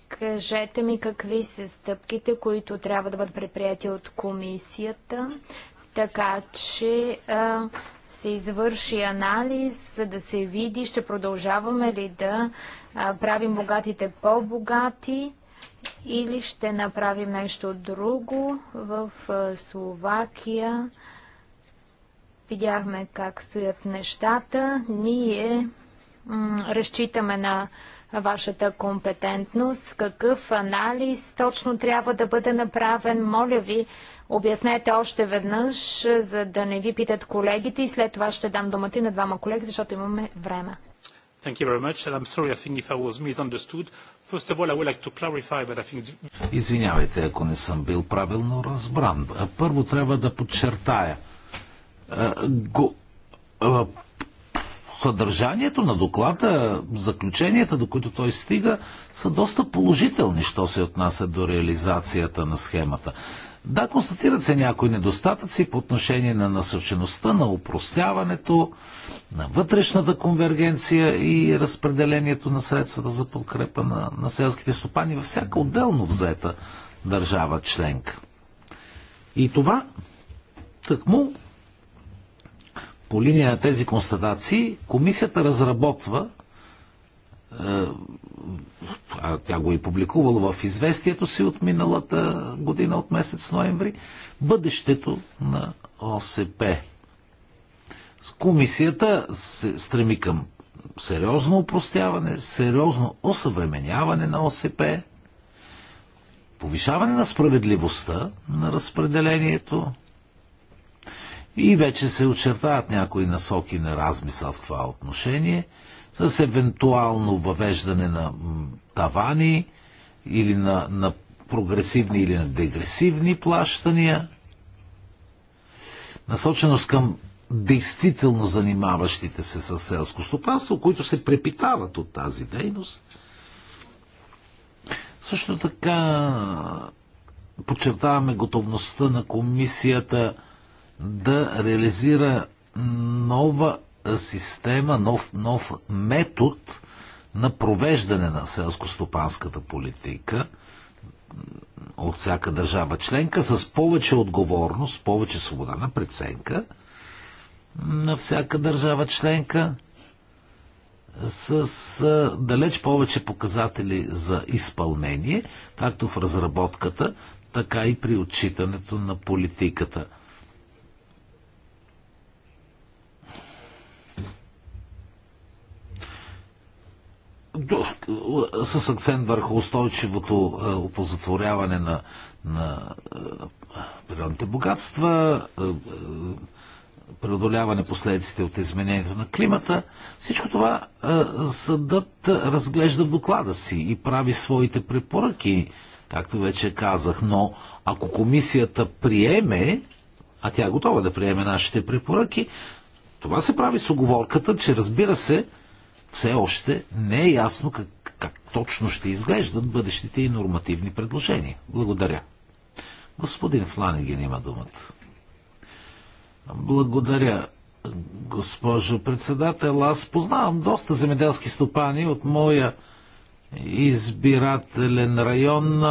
Кажете ми какви са стъпките, които трябва да бъдат предприяти от комисията, така че а, се извърши анализ, за да се види ще продължаваме ли да а, правим богатите по-богати или ще направим нещо друго. В а, Словакия видяхме как стоят нещата. Ние разчитаме на вашата компетентност, какъв анализ точно трябва да бъде направен. Моля ви, обяснете още веднъж, за да не ви питат колегите и след това ще дам думата и на двама колеги, защото имаме време. Извинявайте, ако не съм бил правилно разбран. Първо трябва да подчертая. Го съдържанието на доклада, заключенията, до които той стига, са доста положителни, що се отнася до реализацията на схемата. Да, констатират се някои недостатъци по отношение на насочеността, на упростяването, на вътрешната конвергенция и разпределението на средствата за подкрепа на, на селските стопани във всяка отделно взета държава членка. И това, тъкмо, по линия на тези констатации комисията разработва е, тя го е публикувала в известието си от миналата година, от месец ноември, бъдещето на ОСП. комисията се стреми към сериозно упростяване, сериозно осъвременяване на ОСП, повишаване на справедливостта на разпределението, и вече се очертават някои насоки на размисъл в това отношение, с евентуално въвеждане на тавани или на, на прогресивни или на дегресивни плащания, насоченост към действително занимаващите се с селско стопанство, които се препитават от тази дейност. Също така подчертаваме готовността на комисията – да реализира нова система, нов, нов метод на провеждане на селско-стопанската политика от всяка държава членка с повече отговорност, повече свобода на преценка на всяка държава членка с далеч повече показатели за изпълнение, както в разработката, така и при отчитането на политиката. с акцент върху устойчивото е, опозотворяване на, на е, природните богатства, е, преодоляване последиците от изменението на климата. Всичко това съдът разглежда в доклада си и прави своите препоръки, както вече казах. Но ако комисията приеме, а тя е готова да приеме нашите препоръки, това се прави с оговорката, че разбира се, все още не е ясно как, как точно ще изглеждат бъдещите и нормативни предложения. Благодаря. Господин Фланеген има думата. Благодаря, госпожо председател. Аз познавам доста земеделски стопани от моя избирателен район,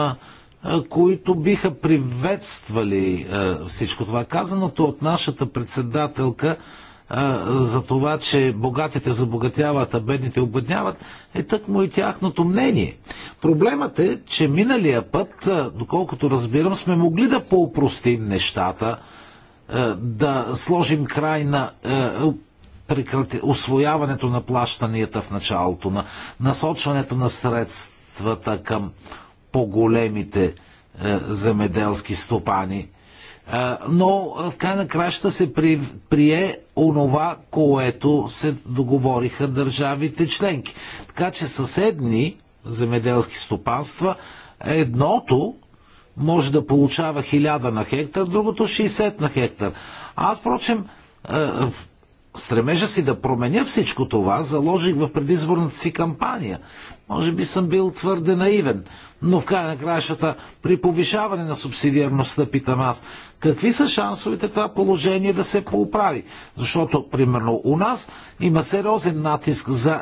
които биха приветствали всичко това казаното от нашата председателка за това, че богатите забогатяват, а бедните обедняват, е тъкмо и тяхното мнение. Проблемът е, че миналия път, доколкото разбирам, сме могли да поупростим нещата, да сложим край на прекрати... освояването на плащанията в началото, на насочването на средствата към по-големите земеделски стопани. Но в край на краща се прие онова, което се договориха държавите членки. Така че съседни земеделски стопанства, едното може да получава 1000 на хектар, другото 60 на хектар. Аз, впрочем, е, стремежа си да променя всичко това, заложих в предизборната си кампания. Може би съм бил твърде наивен, но в края на краищата при повишаване на субсидиарността, питам аз, какви са шансовете това положение да се поуправи? Защото, примерно, у нас има сериозен натиск за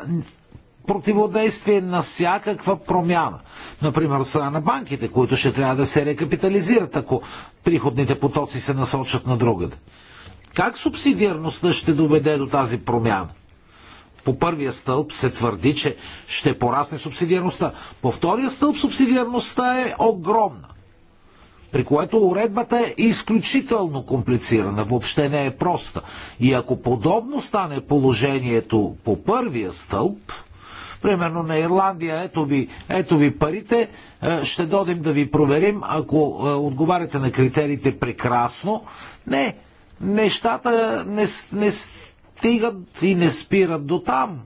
противодействие на всякаква промяна. Например, от страна на банките, които ще трябва да се рекапитализират, ако приходните потоци се насочат на другаде. Как субсидиарността ще доведе до тази промяна? по първия стълб се твърди, че ще порасне субсидиарността. По втория стълб субсидиарността е огромна. При което уредбата е изключително комплицирана, въобще не е проста. И ако подобно стане положението по първия стълб, примерно на Ирландия, ето ви, ето ви парите, е, ще додим да ви проверим, ако е, отговаряте на критериите прекрасно. Не, нещата не, не стигат и не спират до там.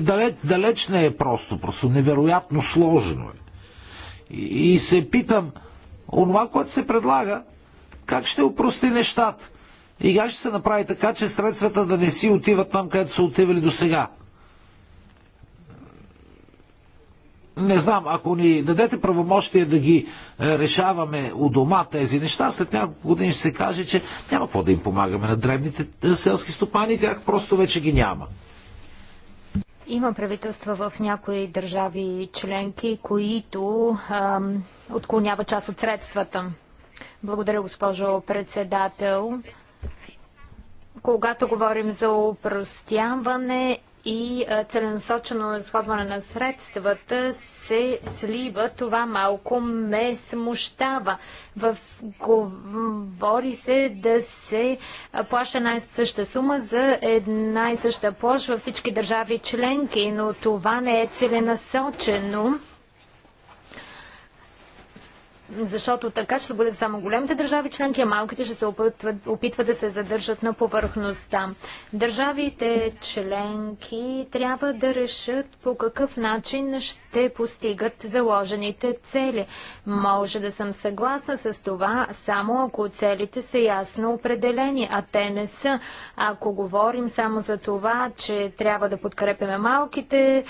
Далеч, далеч не е просто, просто невероятно сложно е. И, и се питам, онова, което се предлага, как ще упрости нещата? И как ще се направи така, че средствата да не си отиват там, където са отивали до сега? не знам, ако ни дадете правомощие да ги е, решаваме у дома тези неща, след няколко години ще се каже, че няма какво да им помагаме на древните е, селски стопани, тях просто вече ги няма. Има правителства в някои държави членки, които ам, отклоняват част от средствата. Благодаря, госпожо председател. Когато говорим за упростяване, и целенасочено разходване на средствата се слива, това малко ме смущава. В... Говори се да се плаща една и съща сума за една и съща площ във всички държави членки, но това не е целенасочено. Защото така ще бъдат само големите държави членки, а малките ще се опитват, опитват да се задържат на повърхността. Държавите членки трябва да решат по какъв начин ще постигат заложените цели. Може да съм съгласна с това, само ако целите са ясно определени, а те не са. Ако говорим само за това, че трябва да подкрепяме малките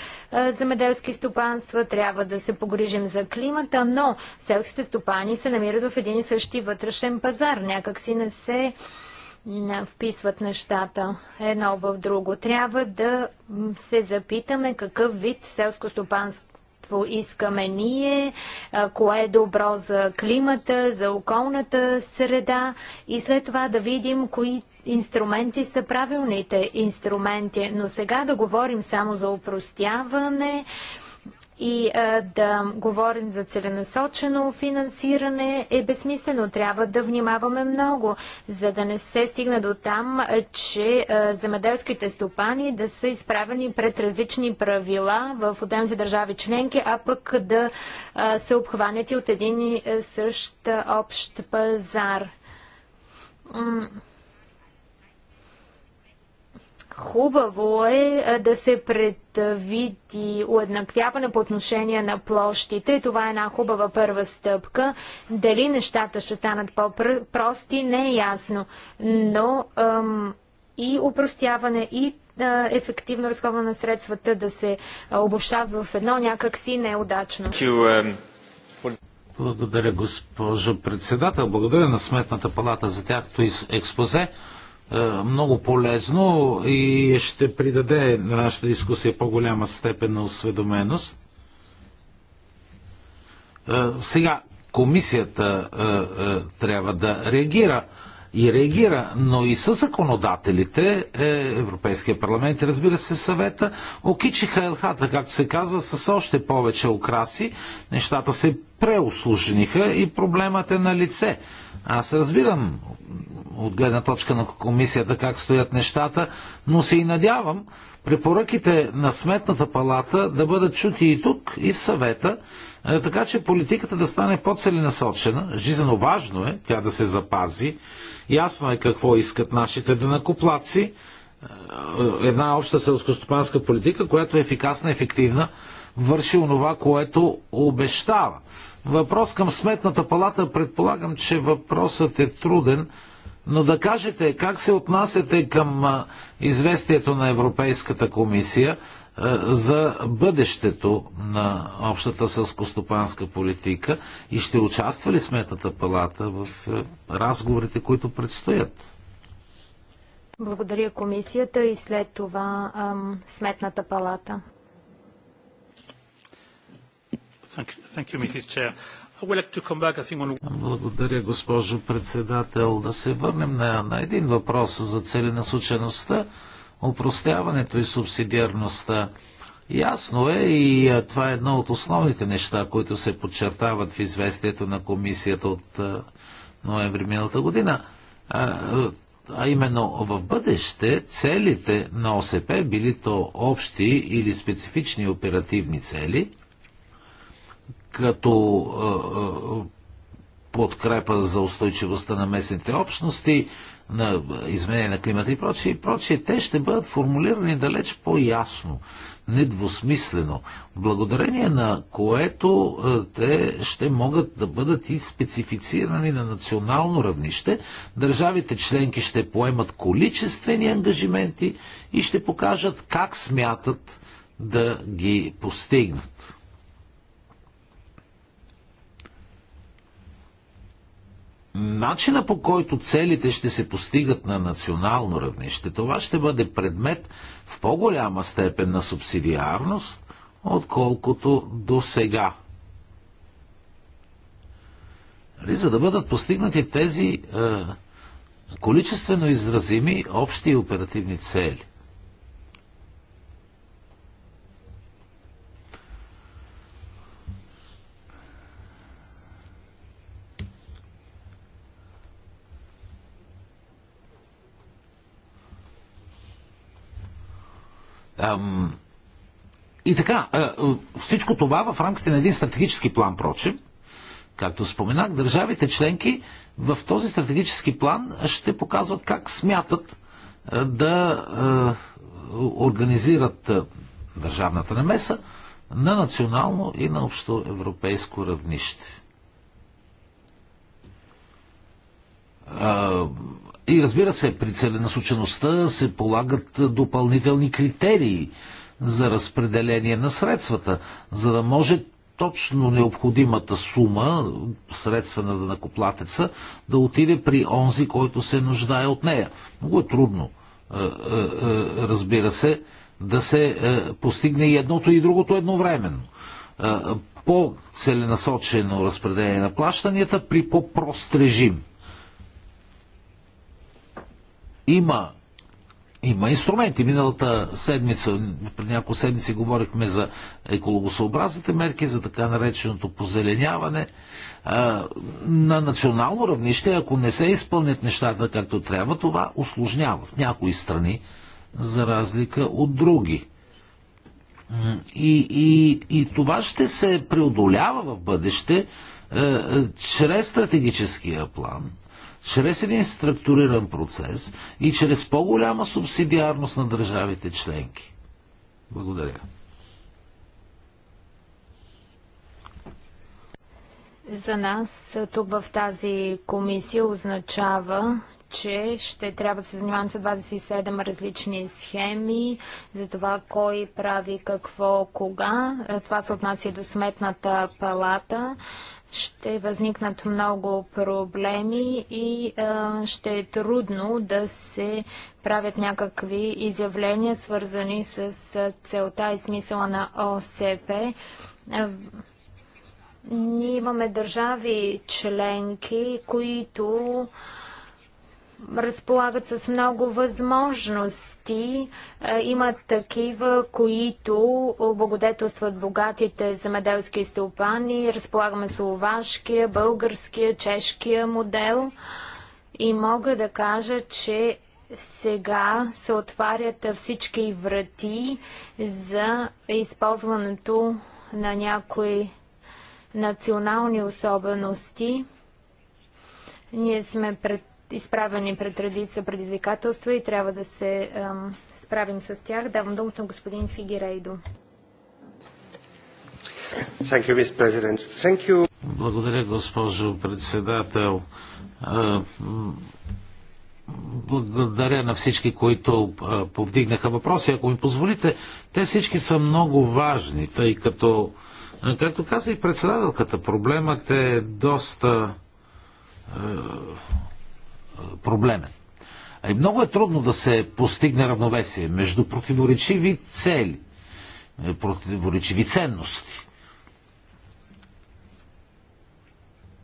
земеделски стопанства, трябва да се погрижим за климата, но селските стопани се намират в един и същи вътрешен пазар. Някак си не се вписват нещата едно в друго. Трябва да се запитаме какъв вид селско стопанство искаме ние, кое е добро за климата, за околната среда и след това да видим кои инструменти са правилните инструменти. Но сега да говорим само за упростяване, и а, да говорим за целенасочено финансиране е безсмислено. Трябва да внимаваме много, за да не се стигне до там, че а, земеделските стопани да са изправени пред различни правила в отделните държави членки, а пък да а, се обхванят и от един и същ общ пазар. Хубаво е да се предвиди уеднаквяване по отношение на площите. Това е една хубава първа стъпка. Дали нещата ще станат по-прости, не е ясно. Но ам, и упростяване, и а, ефективно разходване на средствата да се обобщават в едно някакси неудачно. Um, Благодаря, госпожо председател. Благодаря на Сметната палата за тяхто експозе. Е, много полезно и ще придаде на нашата дискусия по-голяма степен на осведоменост. Е, сега, комисията е, трябва да реагира и реагира, но и със законодателите, Европейския парламент и разбира се съвета, окичиха елхата, както се казва, с още повече окраси. Нещата се преослужниха и проблемът е на лице. Аз разбирам от гледна точка на комисията как стоят нещата, но се и надявам препоръките на Сметната палата да бъдат чути и тук, и в съвета, е, така че политиката да стане по-целенасочена. Жизненно важно е тя да се запази. Ясно е какво искат нашите денакоплаци. Е, една обща селскостопанска политика, която е ефикасна, ефективна, върши онова, което обещава. Въпрос към Сметната палата. Предполагам, че въпросът е труден, но да кажете как се отнасяте към известието на Европейската комисия за бъдещето на общата съскостопанска политика и ще участва ли Сметната палата в разговорите, които предстоят? Благодаря комисията и след това ам, Сметната палата. Благодаря, госпожо председател. Да се върнем на, на един въпрос за целенасочеността, упростяването и субсидиарността. Ясно е и това е едно от основните неща, които се подчертават в известието на комисията от ноември миналата година. А, а именно в бъдеще целите на ОСП, били то общи или специфични оперативни цели – като подкрепа за устойчивостта на местните общности, на изменение на климата и прочие, и прочие, те ще бъдат формулирани далеч по-ясно, недвусмислено, благодарение на което те ще могат да бъдат и специфицирани на национално равнище. Държавите членки ще поемат количествени ангажименти и ще покажат как смятат да ги постигнат. начина по който целите ще се постигат на национално равнище, това ще бъде предмет в по-голяма степен на субсидиарност, отколкото до сега. Нали, за да бъдат постигнати тези е, количествено изразими общи и оперативни цели – И така, всичко това в рамките на един стратегически план, прочим, както споменах, държавите членки в този стратегически план ще показват как смятат да организират държавната намеса на национално и на общоевропейско равнище. И разбира се, при целенасочеността се полагат допълнителни критерии за разпределение на средствата, за да може точно необходимата сума, средства на накоплатеца, да отиде при онзи, който се нуждае от нея. Много е трудно, е, е, е, разбира се, да се постигне и едното и другото едновременно. По-целенасочено разпределение на плащанията при по-прост режим – има има инструменти. Миналата седмица, преди няколко седмици говорихме за екологосъобразните мерки, за така нареченото позеленяване. На национално равнище, ако не се изпълнят нещата както трябва, това осложнява в някои страни, за разлика от други. И, и, и това ще се преодолява в бъдеще чрез стратегическия план, чрез един структуриран процес и чрез по-голяма субсидиарност на държавите членки. Благодаря. За нас тук в тази комисия означава, че ще трябва да се занимавам с 27 различни схеми за това кой прави какво, кога. Това се отнася до сметната палата ще възникнат много проблеми и а, ще е трудно да се правят някакви изявления, свързани с целта и смисъла на ОСП. ние имаме държави членки, които а, разполагат с много възможности. Е, Имат такива, които облагодетелстват богатите земеделски стопани. Разполагаме словашкия, българския, чешкия модел. И мога да кажа, че сега се отварят всички врати за използването на някои национални особености. Ние сме пред изправени пред редица предизвикателства и трябва да се ам, справим с тях. Давам думата на господин Фигирейдо. Благодаря, госпожо председател. Благодаря на всички, които повдигнаха въпроси. Ако ми позволите, те всички са много важни, тъй като, както каза и председателката, проблемът е доста проблемен. И много е трудно да се постигне равновесие между противоречиви цели, е, противоречиви ценности.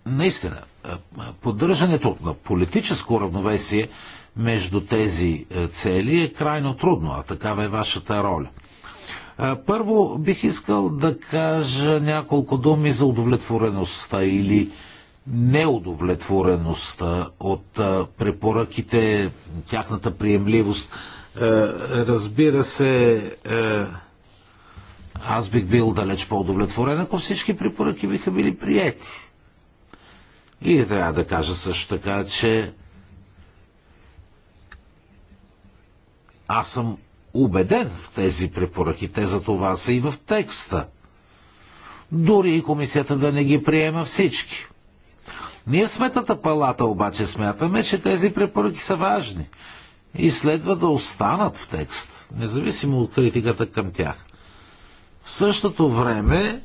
Наистина, е, е, поддържането на политическо равновесие между тези цели е крайно трудно, а такава е вашата роля. Първо бих искал да кажа няколко думи за удовлетвореността или неудовлетвореността от препоръките, тяхната приемливост. Е, разбира се, е, аз бих бил далеч по-удовлетворен, ако всички препоръки биха били приети. И трябва да кажа също така, че аз съм убеден в тези препоръки. Те за това са и в текста. Дори и комисията да не ги приема всички. Ние сметата Сметната палата обаче смятаме, че тези препоръки са важни и следва да останат в текст, независимо от критиката към тях. В същото време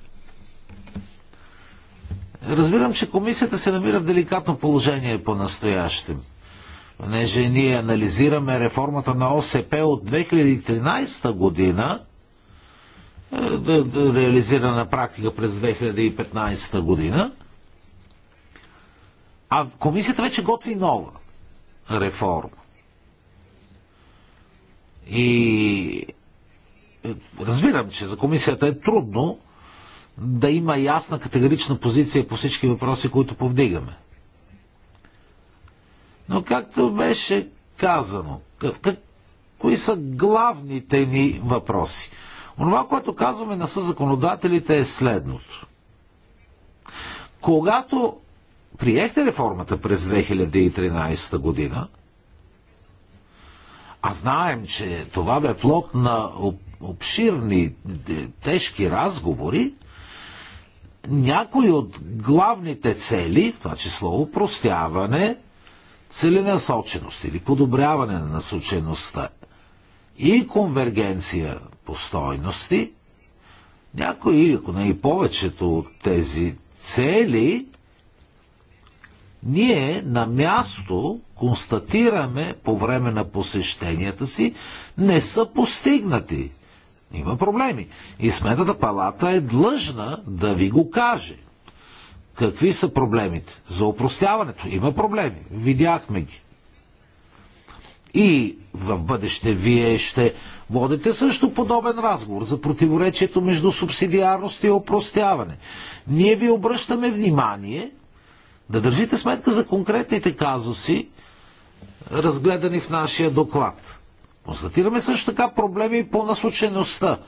разбирам, че комисията се намира в деликатно положение по-настоящем. Понеже ние анализираме реформата на ОСП от 2013 година, е, реализирана практика през 2015 година – а комисията вече готви нова реформа. И разбирам, че за комисията е трудно да има ясна категорична позиция по всички въпроси, които повдигаме. Но както беше казано, как, кои са главните ни въпроси? Онова, което казваме на съзаконодателите е следното. Когато приехте реформата през 2013 година, а знаем, че това бе плод на обширни, е, тежки разговори, някои от главните цели, в това число упростяване, целенасоченост или подобряване на насочеността и конвергенция по стойности, някои, ако не и повечето от тези цели, ние на място констатираме по време на посещенията си, не са постигнати. Има проблеми. И Сметната палата е длъжна да ви го каже. Какви са проблемите? За опростяването има проблеми. Видяхме ги. И в бъдеще вие ще водите също подобен разговор за противоречието между субсидиарност и опростяване. Ние ви обръщаме внимание, да държите сметка за конкретните казуси, разгледани в нашия доклад. Констатираме също така проблеми по насочеността.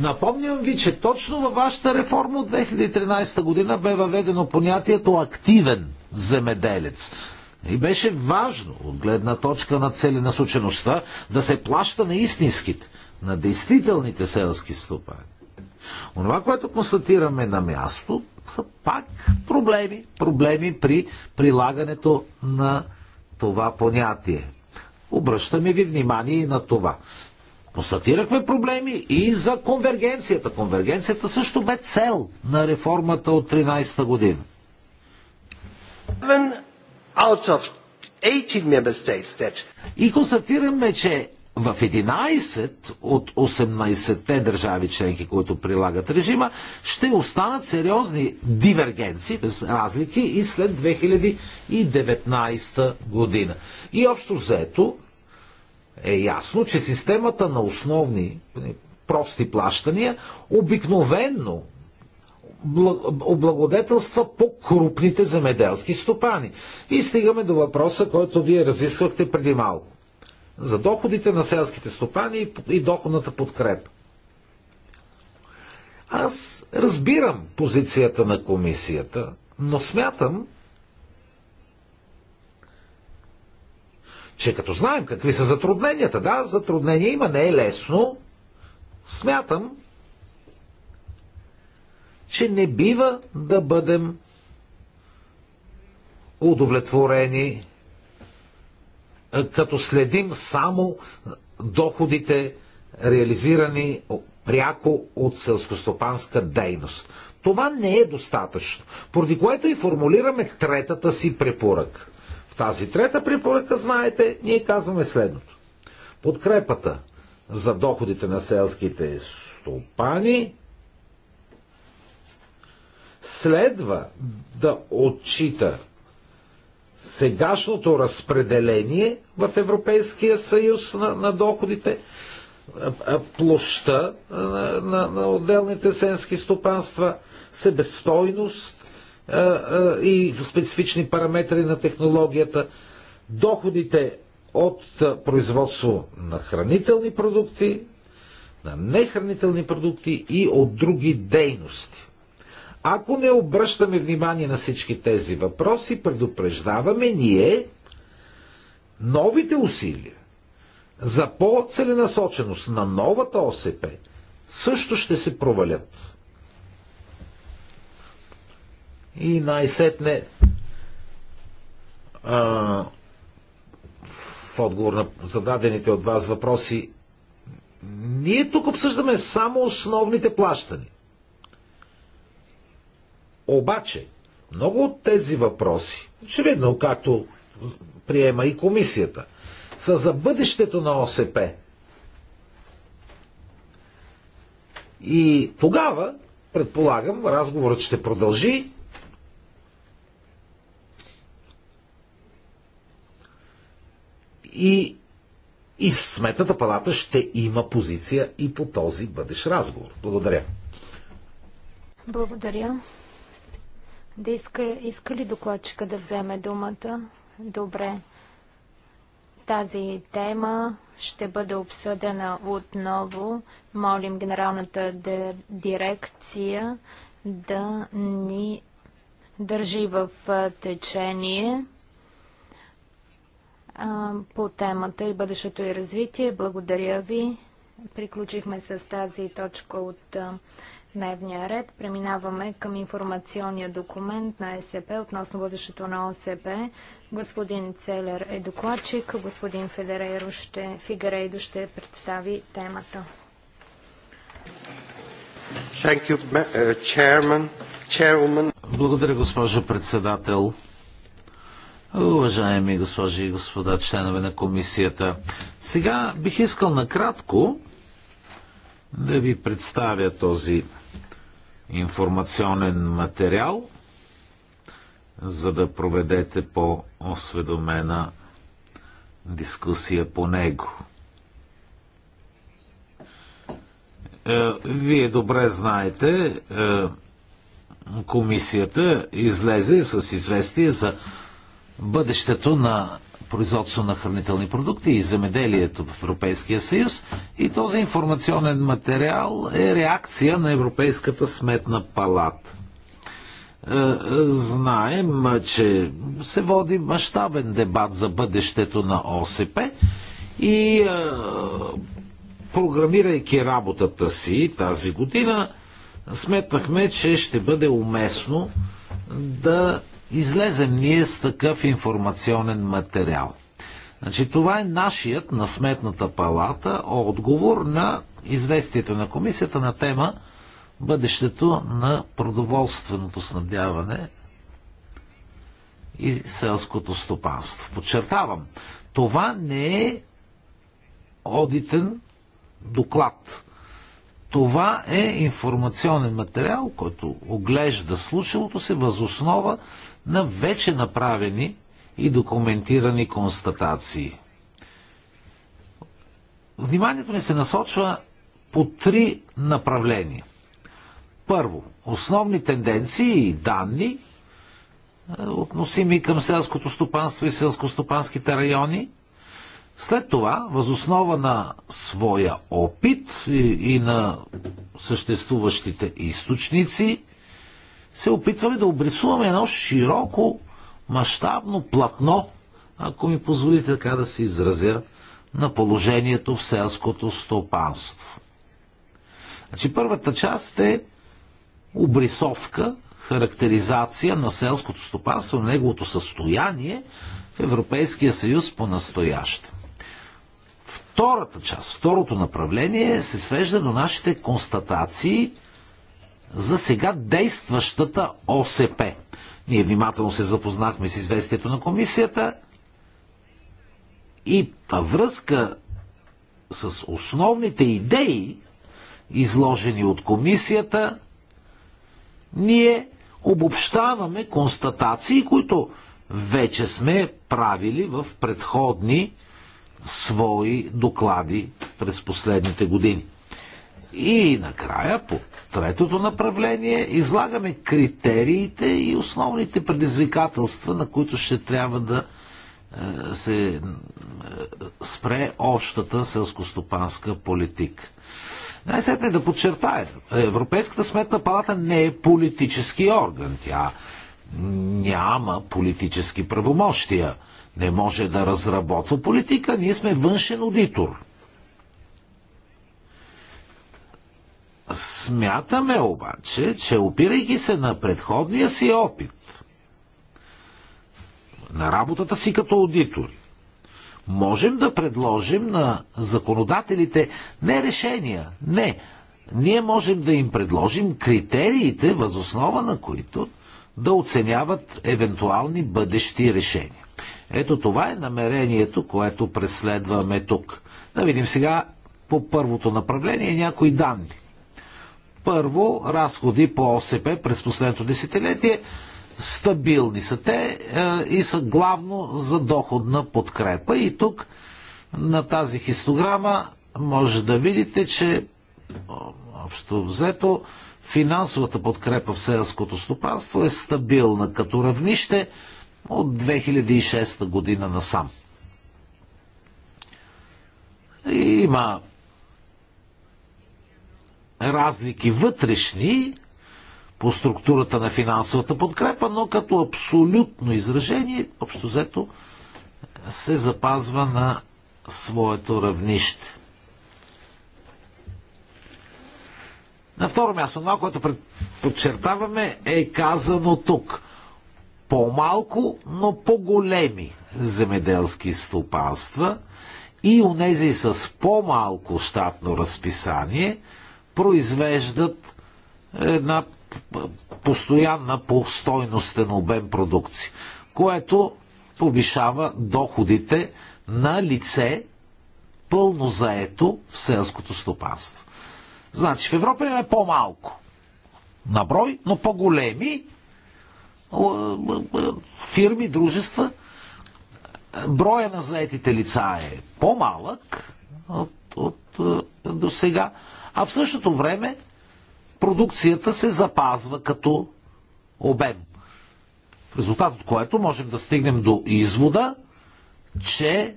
Напомням ви, че точно във вашата реформа от 2013 година бе въведено понятието активен земеделец. И беше важно, от гледна точка на целенасочеността, да се плаща на истинските, на действителните селски стопани. Онова, което констатираме на място, са пак проблеми. Проблеми при прилагането на това понятие. Обръщаме ви внимание и на това. Констатирахме проблеми и за конвергенцията. Конвергенцията също бе цел на реформата от 13-та година. И констатираме, че в 11 от 18-те държави членки, които прилагат режима, ще останат сериозни дивергенции, разлики и след 2019 година. И общо взето е ясно, че системата на основни нали, прости плащания обикновенно облагодетелства по-крупните земеделски стопани. И стигаме до въпроса, който вие разисквахте преди малко за доходите на селските стопани и доходната подкрепа. Аз разбирам позицията на комисията, но смятам, че като знаем какви са затрудненията, да, затруднения има, не е лесно, смятам, че не бива да бъдем удовлетворени е, като следим само доходите, реализирани пряко от селскостопанска дейност. Това не е достатъчно, поради което и формулираме третата си препоръка. В тази трета препоръка, знаете, ние казваме следното. Подкрепата за доходите на селските стопани следва да отчита сегашното разпределение в Европейския съюз на, на доходите, площа на, на, на отделните сенски стопанства, себестойност а, а, и специфични параметри на технологията, доходите от производство на хранителни продукти, на нехранителни продукти и от други дейности. Ако не обръщаме внимание на всички тези въпроси, предупреждаваме ние новите усилия за по-целенасоченост на новата ОСП също ще се провалят. И най-сетне в отговор на зададените от вас въпроси, ние тук обсъждаме само основните плащания. Обаче, много от тези въпроси, очевидно, както приема и комисията, са за бъдещето на ОСП. И тогава, предполагам, разговорът ще продължи. И, и сметната палата ще има позиция и по този бъдещ разговор. Благодаря. Благодаря. Да иска, иска ли докладчика да вземе думата? Добре. Тази тема ще бъде обсъдена отново. Молим генералната дирекция да ни държи в течение по темата и бъдещето и развитие. Благодаря ви. Приключихме с тази точка от дневния ред. Преминаваме към информационния документ на СП относно бъдещето на ОСП. Господин Целер е докладчик, господин Федерейро ще, Фигерейдо ще представи темата. Uh, Благодаря, госпожо председател. Уважаеми госпожи и господа, членове на комисията, сега бих искал накратко да ви представя този информационен материал, за да проведете по-осведомена дискусия по него. Е, вие добре знаете, е, комисията излезе с известие за бъдещето на производство на хранителни продукти и замеделието в Европейския съюз. И този информационен материал е реакция на Европейската сметна палата. Е, знаем, че се води мащабен дебат за бъдещето на ОСП и е, програмирайки работата си тази година, сметнахме, че ще бъде уместно да излезем ние с такъв информационен материал. Значи, това е нашият на сметната палата отговор на известието на комисията на тема бъдещето на продоволственото снабдяване и селското стопанство. Подчертавам, това не е одитен доклад. Това е информационен материал, който оглежда случилото се възоснова на вече направени и документирани констатации. Вниманието ни се насочва по три направления. Първо, основни тенденции и данни, е, относими към селското стопанство и селско-стопанските райони – след това, възоснова на своя опит и, и на съществуващите източници, се опитваме да обрисуваме едно широко, мащабно платно, ако ми позволите така да се изразя, на положението в селското стопанство. Значи първата част е обрисовка, характеризация на селското стопанство, на неговото състояние в Европейския съюз по настояще. Втората част, второто направление се свежда до нашите констатации за сега действащата ОСП. Ние внимателно се запознахме с известието на комисията и във връзка с основните идеи, изложени от комисията, ние обобщаваме констатации, които вече сме правили в предходни свои доклади през последните години. И накрая, по третото направление, излагаме критериите и основните предизвикателства, на които ще трябва да е, се е, спре общата селскостопанска политика. Най-сетне да подчертая, Европейската сметна палата не е политически орган. Тя няма политически правомощия – не може да разработва политика. Ние сме външен аудитор. Смятаме обаче, че опирайки се на предходния си опит, на работата си като аудитори, можем да предложим на законодателите не решения, не. Ние можем да им предложим критериите, възоснова на които да оценяват евентуални бъдещи решения. Ето това е намерението, което преследваме тук. Да видим сега по първото направление някои данни. Първо, разходи по ОСП през последното десетилетие стабилни са те е, и са главно за доходна подкрепа. И тук на тази хистограма може да видите, че общо взето финансовата подкрепа в селското стопанство е стабилна като равнище от 2006 година насам. И има разлики вътрешни по структурата на финансовата подкрепа, но като абсолютно изражение, общо взето, се запазва на своето равнище. На второ място, това, което подчертаваме, е казано тук по-малко, но по-големи земеделски стопанства и онези с по-малко щатно разписание произвеждат една постоянна по стойностен обем продукция, което повишава доходите на лице пълно заето в селското стопанство. Значи в Европа има по-малко на брой, но по-големи фирми, дружества, броя на заетите лица е по-малък от, от е, до сега, а в същото време продукцията се запазва като обем. В резултат от което можем да стигнем до извода, че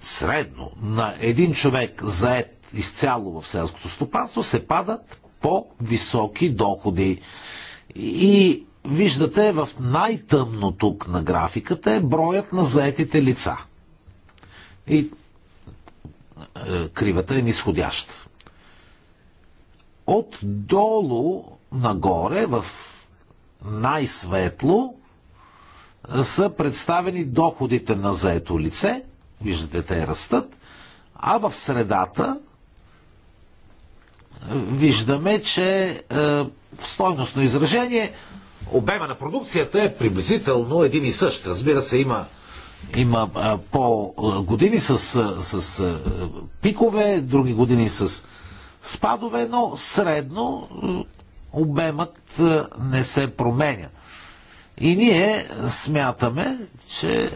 средно на един човек заед изцяло в селското стопанство се падат по-високи доходи. И виждате в най-тъмно тук на графиката е броят на заетите лица. И е, кривата е нисходяща. Отдолу нагоре в най-светло е, са представени доходите на заето лице. Виждате, те растат. А в средата е, виждаме, че в стойностно изражение обема на продукцията е приблизително един и същ. Разбира се, има има по години с, с пикове, други години с спадове, но средно обемът не се променя. И ние смятаме, че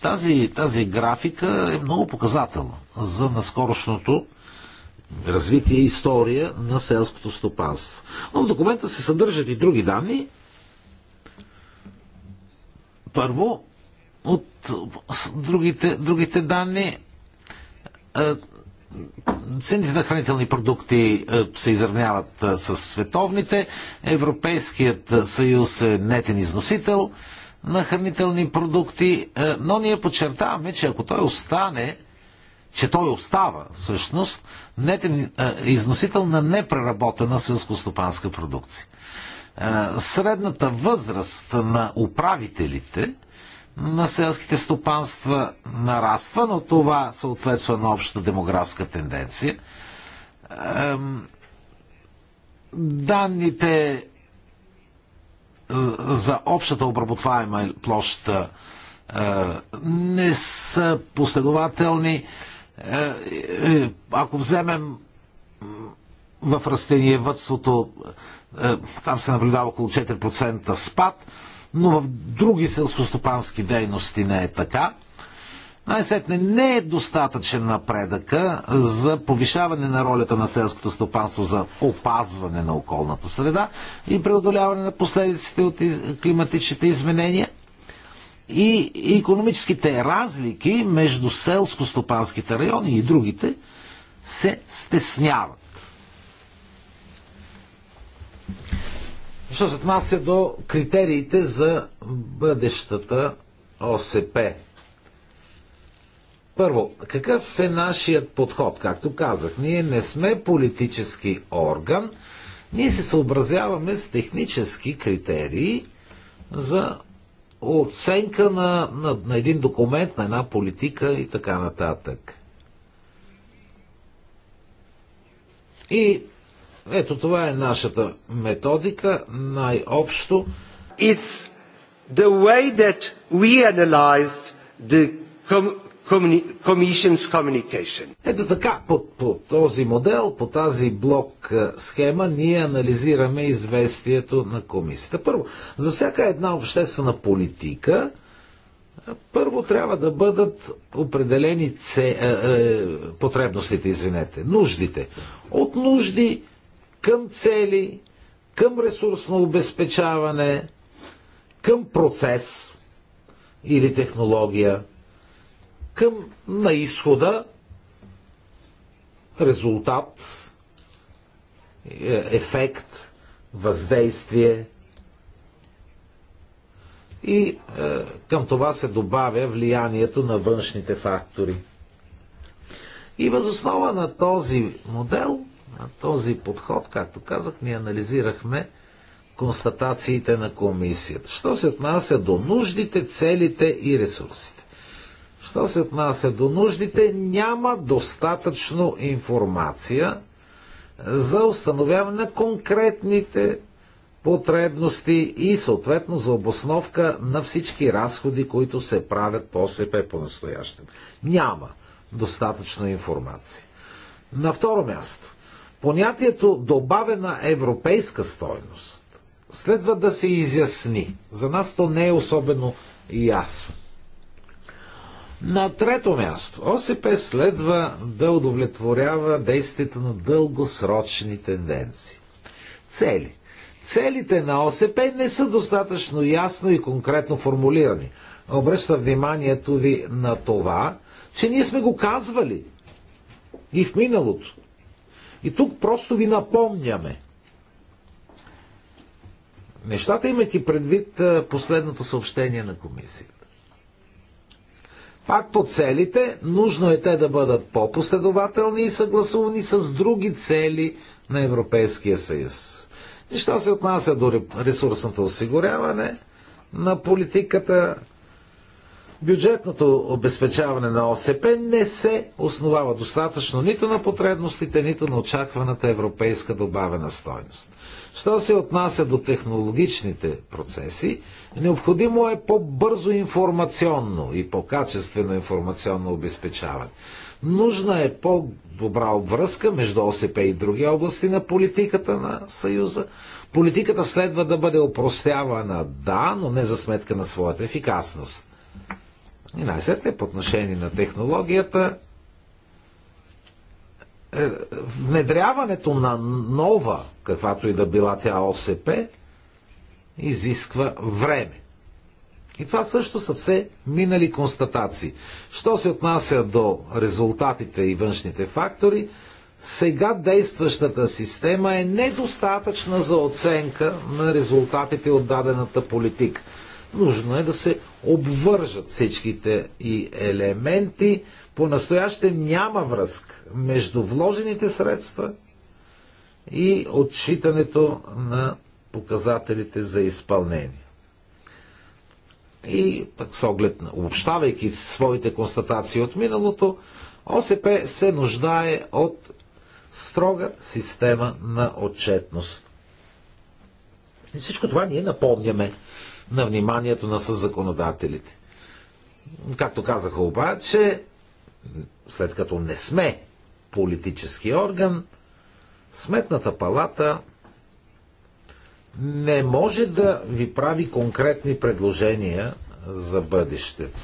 тази, тази графика е много показателна за наскорошното развитие и история на селското стопанство. Но в документа се съдържат и други данни. Първо, от другите, другите данни е, цените на хранителни продукти е, се изравняват е, с световните. Европейският съюз е нетен износител на хранителни продукти, но ние подчертаваме, че ако той остане че той остава всъщност нетен е, износител на непреработена селскостопанска продукция. Е, средната възраст на управителите на селските стопанства нараства, но това съответства на общата демографска тенденция. Данните за общата обработваема площа е, не са последователни. Е, е, ако вземем в растениевътството, е, там се наблюдава около 4% спад, но в други селскостопански дейности не е така. Най-сетне не е достатъчен напредъка за повишаване на ролята на селското стопанство за опазване на околната среда и преодоляване на последиците от климатичните изменения – и економическите разлики между селско-стопанските райони и другите се стесняват. Що се отнася до критериите за бъдещата ОСП? Първо, какъв е нашият подход? Както казах, ние не сме политически орган, ние се съобразяваме с технически критерии за оценка на, на, на един документ, на една политика и така нататък. И ето това е нашата методика, най-общо. It's the way that we analyze the Commission's Communication. Ето така, по, по този модел, по тази блок е, схема, ние анализираме известието на комисията. Първо, за всяка една обществена политика, е, първо трябва да бъдат определени це, е, е, потребностите, извинете, нуждите. От нужди към цели, към ресурсно обезпечаване, към процес или технология – към на изхода резултат, е, ефект, въздействие. И е, към това се добавя влиянието на външните фактори. И възоснова на този модел, на този подход, както казах, ние анализирахме констатациите на комисията. Що се отнася до нуждите, целите и ресурсите. Що се отнася до нуждите, няма достатъчно информация за установяване на конкретните потребности и съответно за обосновка на всички разходи, които се правят по СП по-настоящем. Няма достатъчно информация. На второ място, понятието добавена европейска стойност следва да се изясни. За нас то не е особено ясно. На трето място, ОСП следва да удовлетворява действието на дългосрочни тенденции. Цели. Целите на ОСП не са достатъчно ясно и конкретно формулирани. Обръща вниманието ви на това, че ние сме го казвали и в миналото. И тук просто ви напомняме. Нещата имайки предвид последното съобщение на комисията. Пак по целите, нужно е те да бъдат по-последователни и съгласувани с други цели на Европейския съюз. И що се отнася до ресурсното осигуряване на политиката, бюджетното обезпечаване на ОСП не се основава достатъчно нито на потребностите, нито на очакваната европейска добавена стойност. Що се отнася до технологичните процеси, необходимо е по-бързо информационно и по-качествено информационно обезпечаване. Нужна е по-добра обвръзка между ОСП и други области на политиката на Съюза. Политиката следва да бъде опростявана, да, но не за сметка на своята ефикасност. И най-сетне по отношение на технологията, е, внедряването на нова, каквато и да била тя ОСП, изисква време. И това също са все минали констатации. Що се отнася до резултатите и външните фактори, сега действащата система е недостатъчна за оценка на резултатите от дадената политика. Нужно е да се обвържат всичките и елементи, по-настояще няма връзка между вложените средства и отчитането на показателите за изпълнение. И пък с оглед, на, обобщавайки своите констатации от миналото, ОСП се нуждае от строга система на отчетност. И всичко това ние напомняме на вниманието на съзаконодателите. Както казаха обаче, след като не сме политически орган, Сметната палата не може да ви прави конкретни предложения за бъдещето.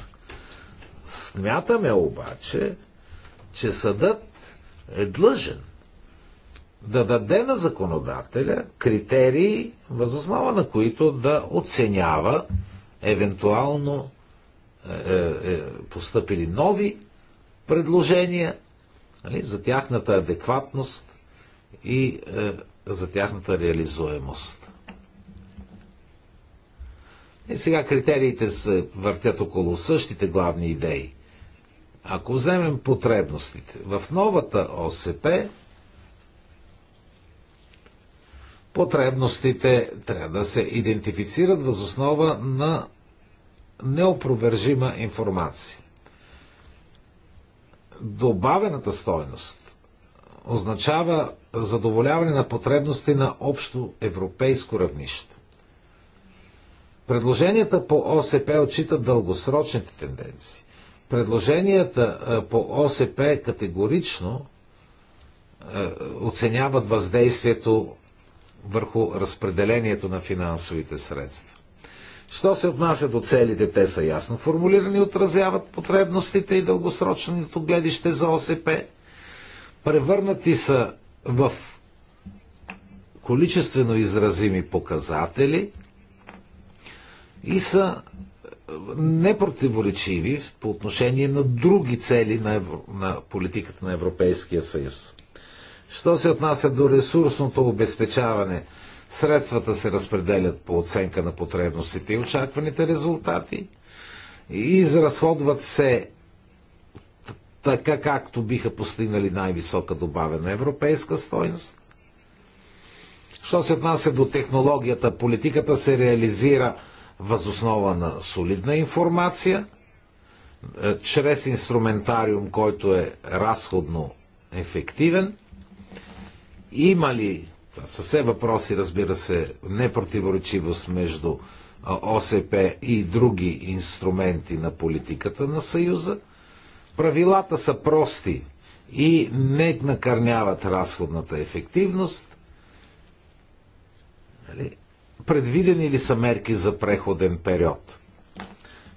Смятаме обаче, че съдът е длъжен да даде на законодателя критерии, възоснова на които да оценява евентуално е, е, е постъпили нови предложения нали, за тяхната адекватност и е, за тяхната реализуемост. И сега критериите се въртят около същите главни идеи. Ако вземем потребностите, в новата ОСП потребностите трябва да се идентифицират възоснова на неопровержима информация добавената стойност означава задоволяване на потребности на общо европейско равнище. Предложенията по ОСП отчитат дългосрочните тенденции. Предложенията по ОСП категорично оценяват въздействието върху разпределението на финансовите средства. Що се отнася до целите, те са ясно формулирани, отразяват потребностите и дългосрочното гледище за ОСП. Превърнати са в количествено изразими показатели и са е, непротиворечиви по отношение на други цели на, евро, на политиката на Европейския съюз. Що се отнася до ресурсното обезпечаване Средствата се разпределят по оценка на потребностите и очакваните резултати и изразходват се така както биха постигнали най-висока добавена европейска стойност. Що се отнася до технологията, политиката се реализира възоснова на солидна информация, е, чрез инструментариум, който е разходно ефективен. Има ли са все въпроси, разбира се, непротиворечивост между ОСП и други инструменти на политиката на Съюза. Правилата са прости и не накърняват разходната ефективност. Нали? Предвидени ли са мерки за преходен период?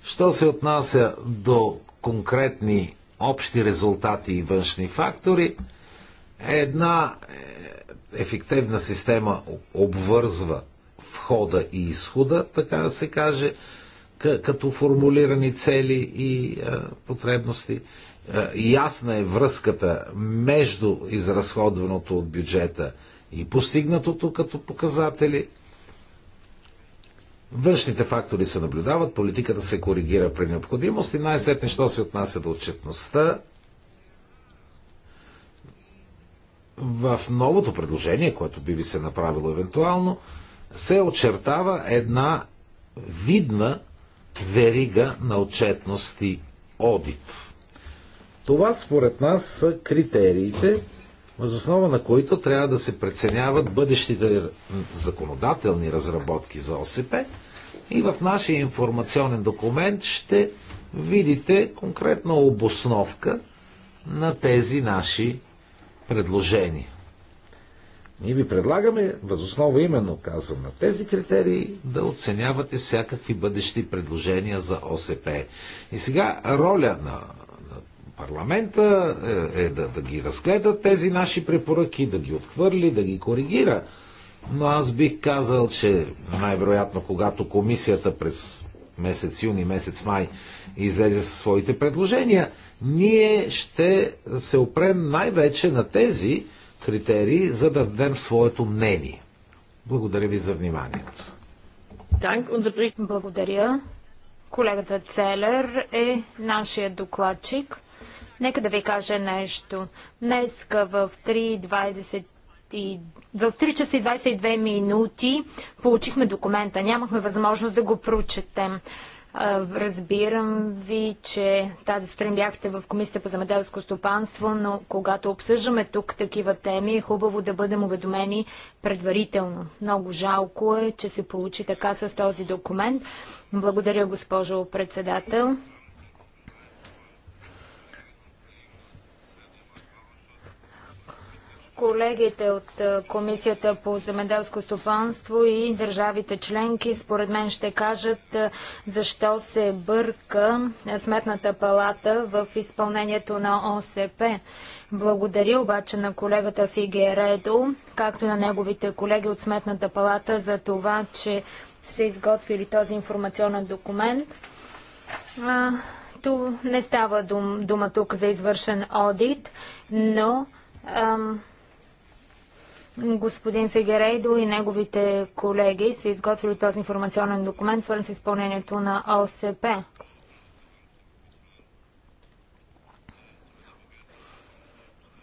Що се отнася до конкретни общи резултати и външни фактори, една е, ефективна система обвързва входа и изхода, така да се каже, като формулирани цели и потребности. Ясна е връзката между изразходваното от бюджета и постигнатото като показатели. Външните фактори се наблюдават, политиката се коригира при необходимост и най-сетне, що се отнася до отчетността, в новото предложение, което би ви се направило евентуално, се очертава една видна верига на отчетност и одит. Това според нас са критериите, възоснова на които трябва да се преценяват бъдещите законодателни разработки за ОСП и в нашия информационен документ ще видите конкретна обосновка на тези наши предложение. Ние ви предлагаме, възоснова именно казвам на тези критерии, да оценявате всякакви бъдещи предложения за ОСП. И сега роля на, на парламента е, е да, да ги разгледа тези наши препоръки, да ги отхвърли, да ги коригира. Но аз бих казал, че най-вероятно, когато комисията през месец юни, месец май излезе със своите предложения, ние ще се опрем най-вече на тези критерии, за да дадем своето мнение. Благодаря ви за вниманието. Благодаря. Колегата Целер е нашия докладчик. Нека да ви кажа нещо. Днеска в 3.20 и... в 3 часа и 22 минути получихме документа. Нямахме възможност да го прочетем. Разбирам ви, че тази сутрин бяхте в Комисията по земеделско стопанство, но когато обсъждаме тук такива теми, е хубаво да бъдем уведомени предварително. Много жалко е, че се получи така с този документ. Благодаря, госпожо председател. Колегите от е, Комисията по земеделско стопанство и държавите членки според мен ще кажат е, защо се бърка е, Сметната палата в изпълнението на ОСП. Благодаря обаче на колегата Фигередо, както и на неговите колеги от Сметната палата за това, че са изготвили този информационен документ. не става дум, дума тук за извършен одит, но ам, Господин Фигерейдо и неговите колеги са изготвили този информационен документ, свързан с изпълнението на ОСП.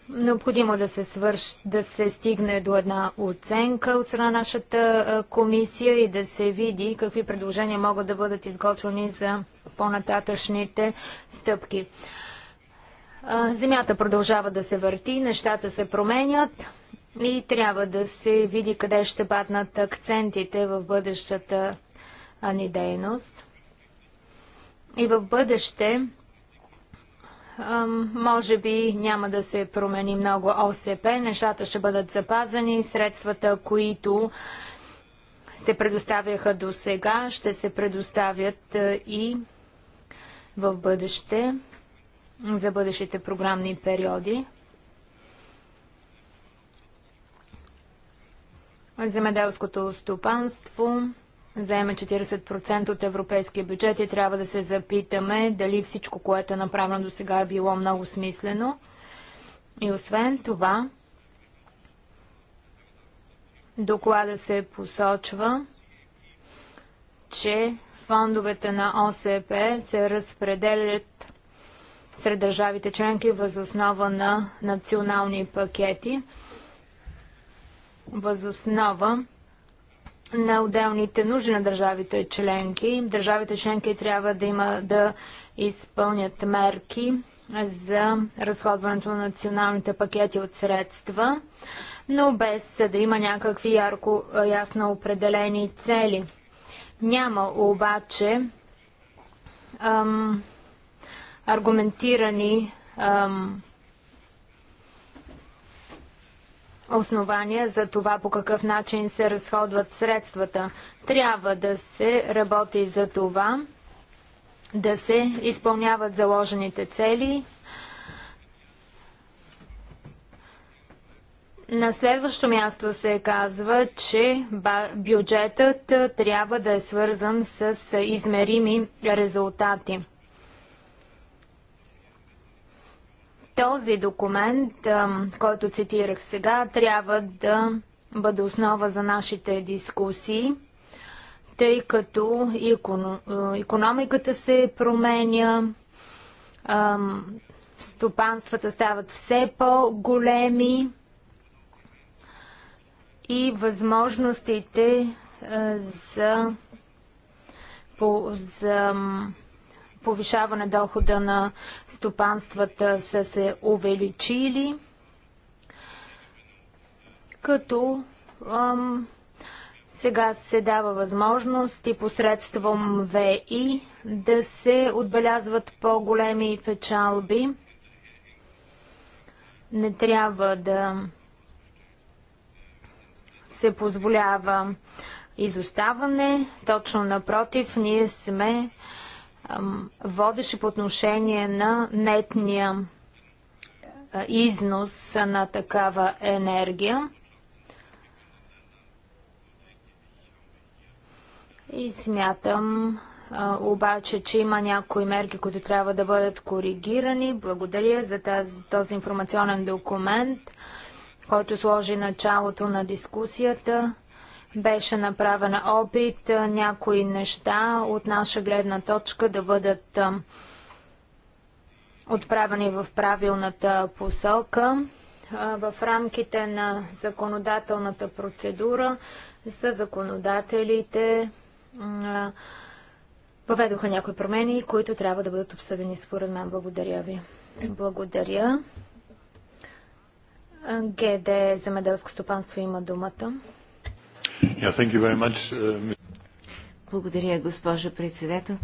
Необходимо да се, свърш, да се стигне до една оценка от страна нашата комисия и да се види какви предложения могат да бъдат изготвени за по-нататъчните стъпки. Земята продължава да се върти, нещата се променят и трябва да се види къде ще паднат акцентите в бъдещата ни дейност. И в бъдеще може би няма да се промени много ОСП, нещата ще бъдат запазени, средствата, които се предоставяха до сега, ще се предоставят и в бъдеще, за бъдещите програмни периоди. Земеделското стопанство заема 40% от европейския бюджет и трябва да се запитаме дали всичко, което е направено до сега е било много смислено. И освен това, доклада се посочва, че фондовете на ОСП се разпределят сред държавите членки възоснова на национални пакети възоснова на отделните нужди на държавите членки. Държавите членки трябва да има да изпълнят мерки за разходването на националните пакети от средства, но без да има някакви ярко, ясно определени цели. Няма обаче ам, аргументирани ам, основания за това по какъв начин се разходват средствата. Трябва да се работи за това, да се изпълняват заложените цели. На следващо място се казва, че бюджетът трябва да е свързан с измерими резултати. Този документ, който цитирах сега, трябва да бъде основа за нашите дискусии, тъй като економиката се променя, стопанствата стават все по-големи и възможностите за, по, за повишаване дохода на стопанствата са се увеличили, като ам, сега се дава възможност и посредством ВИ да се отбелязват по-големи печалби. Не трябва да се позволява изоставане. Точно напротив, ние сме водеше по отношение на нетния износ на такава енергия. И смятам обаче, че има някои мерки, които трябва да бъдат коригирани. Благодаря за тази, този информационен документ, който сложи началото на дискусията. Беше направен опит някои неща от наша гледна точка да бъдат отправени в правилната посока в рамките на законодателната процедура за законодателите въведоха някои промени, които трябва да бъдат обсъдени според мен. Благодаря ви. Благодаря. ГД Земеделско стопанство има думата. Uh, благодаря, госпожо председател.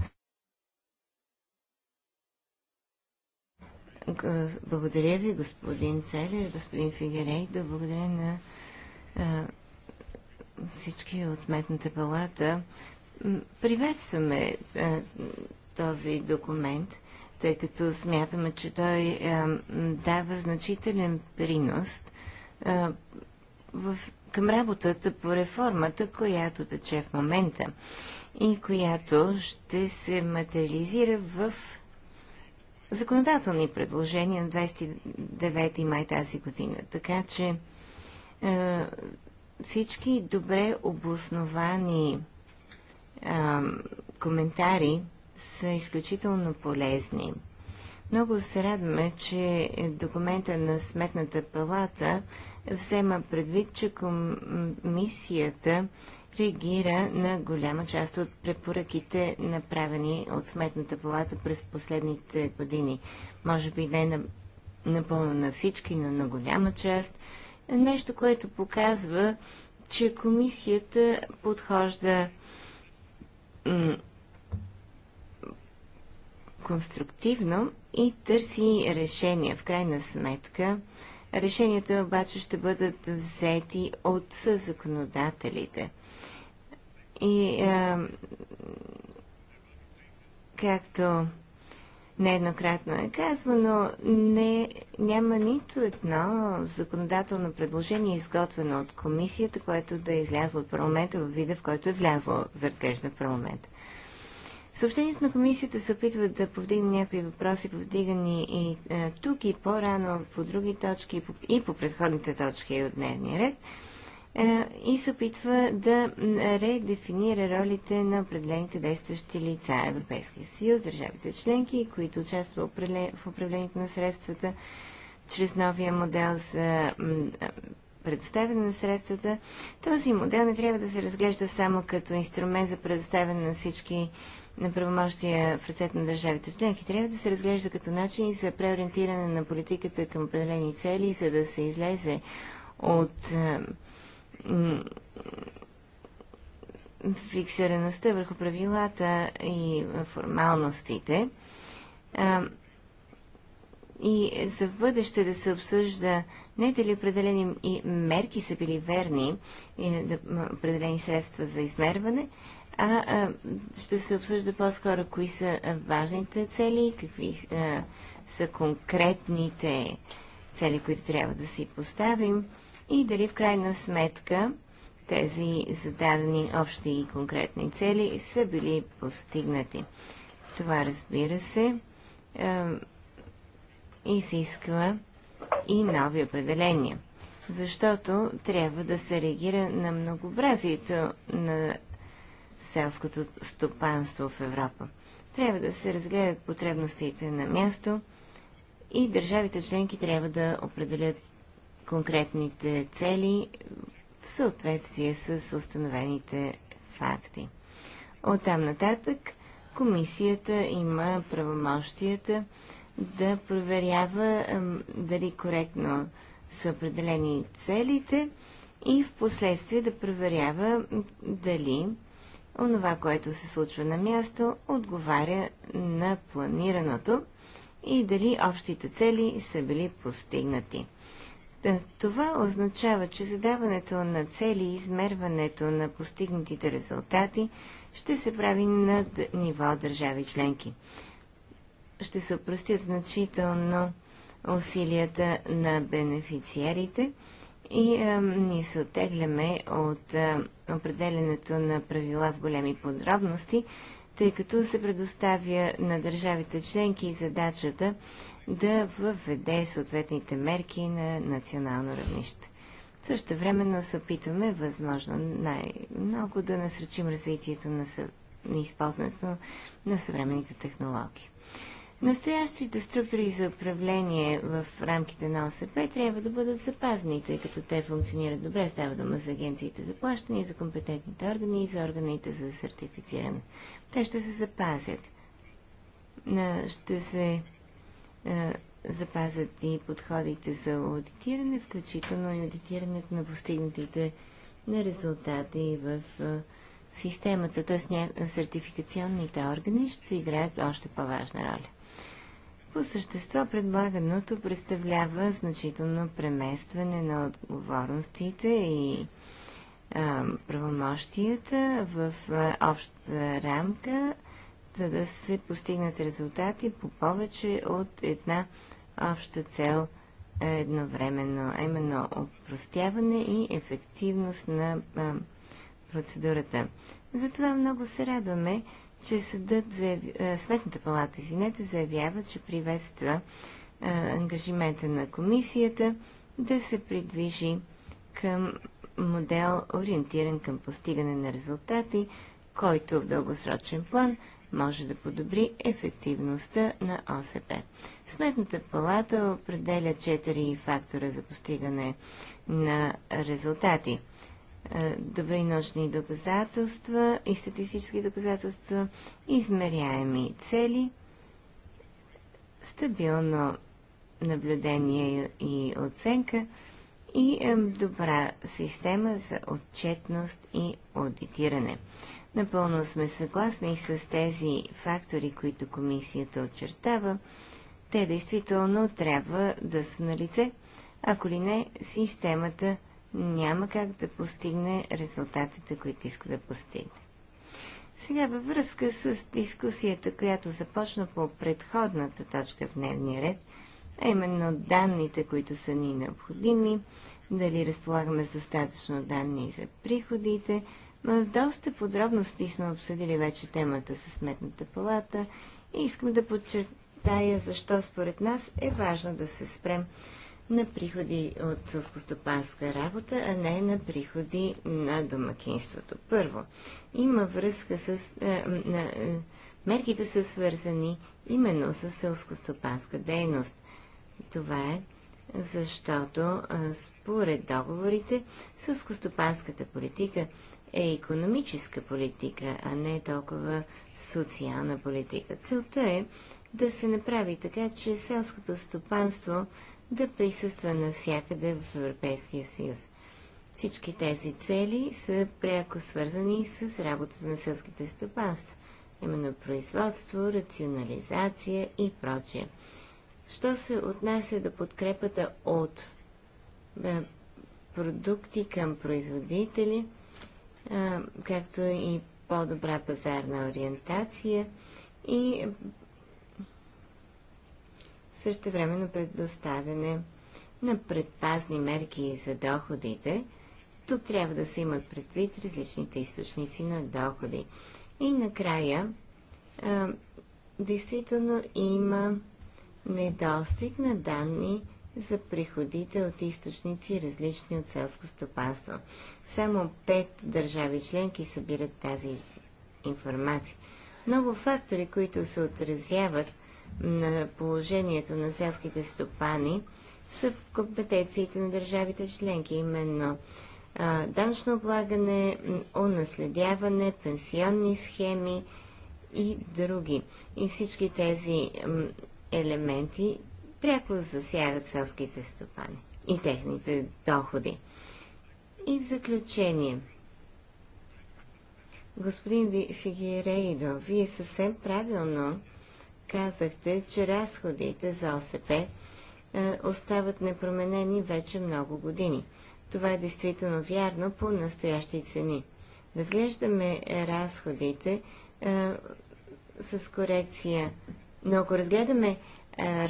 Благодаря ви, господин Целер, господин Фигерей, да Благодаря на всички от Сметната палата. Приветстваме този документ, тъй като смятаме, че той дава значителен принос в към работата по реформата, която тече в момента и която ще се материализира в законодателни предложения на 29 май тази година. Така че е, всички добре обосновани е, коментари са изключително полезни. Много се радваме, че документа на Сметната палата взема предвид, че комисията реагира на голяма част от препоръките, направени от Сметната палата през последните години. Може би не на, напълно на всички, но на голяма част. Нещо, което показва, че комисията подхожда конструктивно и търси решения. В крайна сметка, Решенията обаче ще бъдат взети от законодателите. И а, е, както нееднократно е казвано, не, няма нито едно законодателно предложение, изготвено от комисията, което да е излязло от парламента в вида, в който е влязло за разглеждане в парламента. Съобщението на комисията се опитва да повдигне някои въпроси, повдигани и е, тук, и по-рано, по други точки, и по, и по предходните точки от дневния ред, е, и се опитва да редефинира ролите на определените действащи лица Европейския съюз, държавите членки, които участват в управлението на средствата чрез новия модел за предоставяне на средствата. Този модел не трябва да се разглежда само като инструмент за предоставяне на всички на правомощия в ръцете на държавите членки трябва да се разглежда като начин за преориентиране на политиката към определени цели, за да се излезе от е, фиксираността върху правилата и формалностите е, и за в бъдеще да се обсъжда не дали определени мерки са били верни, определени средства за измерване, а, а ще се обсъжда по-скоро кои са важните цели, какви а, са конкретните цели, които трябва да си поставим и дали в крайна сметка тези зададени общи и конкретни цели са били постигнати. Това разбира се е, изисква и нови определения, защото трябва да се реагира на многообразието на селското стопанство в Европа. Трябва да се разгледат потребностите на място и държавите членки трябва да определят конкретните цели в съответствие с установените факти. От там нататък комисията има правомощията да проверява дали коректно са определени целите и в последствие да проверява дали онова, което се случва на място, отговаря на планираното и дали общите цели са били постигнати. Това означава, че задаването на цели и измерването на постигнатите резултати ще се прави на ниво държави членки. Ще се опростят значително усилията на бенефициерите – и а, ние се оттегляме от а, определенето на правила в големи подробности, тъй като се предоставя на държавите членки задачата да въведе съответните мерки на национално равнище. Също времено се опитваме, възможно най-много, да насръчим развитието на, съ... на използването на съвременните технологии. Настоящите структури за управление в рамките на ОСП трябва да бъдат запазни, тъй като те функционират добре. Става дума за агенциите за плащане, за компетентните органи и за органите за сертифициране. Те ще се запазят. Ще се запазят и подходите за аудитиране, включително и аудитирането на постигнатите на резултати в системата, т.е. сертификационните органи ще играят още по-важна роля. По същество предлаганото представлява значително преместване на отговорностите и а, правомощията в а, общата рамка, за да се постигнат резултати по повече от една обща цел едновременно, а именно опростяване и ефективност на а, процедурата. Затова много се радваме, че съдът заяви, Сметната палата, извинете, заявява, че приветства а, ангажимента на комисията да се придвижи към модел, ориентиран към постигане на резултати, който в дългосрочен план може да подобри ефективността на ОСП. Сметната палата определя четири фактора за постигане на резултати. Е, добри научни доказателства и статистически доказателства, измеряеми цели, стабилно наблюдение и оценка и е, добра система за отчетност и аудитиране. Напълно сме съгласни с тези фактори, които комисията очертава. Те действително трябва да са на лице, ако ли не, системата – няма как да постигне резултатите, които иска да постигне. Сега във връзка с дискусията, която започна по предходната точка в дневния ред, а именно данните, които са ни необходими, дали разполагаме с достатъчно данни за приходите. Но в доста подробности сме обсъдили вече темата с Сметната палата и искам да подчертая защо според нас е важно да се спрем на приходи от сълскостопанска работа, а не на приходи на домакинството. Първо, има връзка с... Е, е, мерките са свързани именно с сълскостопанска дейност. Това е защото е, според договорите сълскостопанската политика е економическа политика, а не толкова социална политика. Целта е да се направи така, че селското стопанство да присъства навсякъде в Европейския съюз. Всички тези цели са пряко свързани с работата на селските стопанства, именно производство, рационализация и прочие. Що се отнася до подкрепата от е, продукти към производители, е, както и по-добра пазарна ориентация и също на предоставяне на предпазни мерки за доходите. Тук трябва да се имат предвид различните източници на доходи. И накрая, а, действително има недостиг на данни за приходите от източници, различни от селско стопанство. Само пет държави членки събират тази информация. Много фактори, които се отразяват на положението на селските стопани са в компетенциите на държавите членки, именно данъчно облагане, унаследяване, пенсионни схеми и други. И всички тези елементи пряко засягат селските стопани и техните доходи. И в заключение, господин Фигирейдо, вие съвсем правилно казахте, че разходите за ОСП е, остават непроменени вече много години. Това е действително вярно по настоящи цени. Разглеждаме разходите е, с корекция, но ако разгледаме е,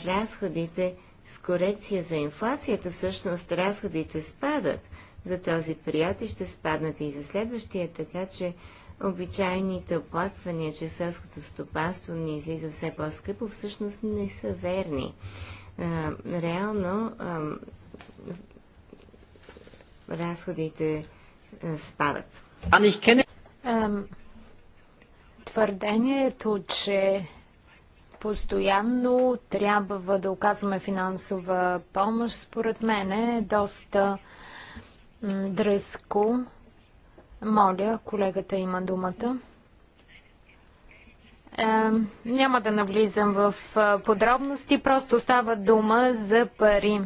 разходите с корекция за инфлацията, всъщност разходите спадат за този период и ще спаднат и за следващия, така че обичайните оплаквания, че селското стопанство ни излиза все по-скъпо, всъщност не са верни. реално разходите спадат. Твърдението, че постоянно трябва да оказваме финансова помощ, според мен е доста дръско моля, колегата има думата. Е, няма да навлизам в подробности, просто става дума за пари.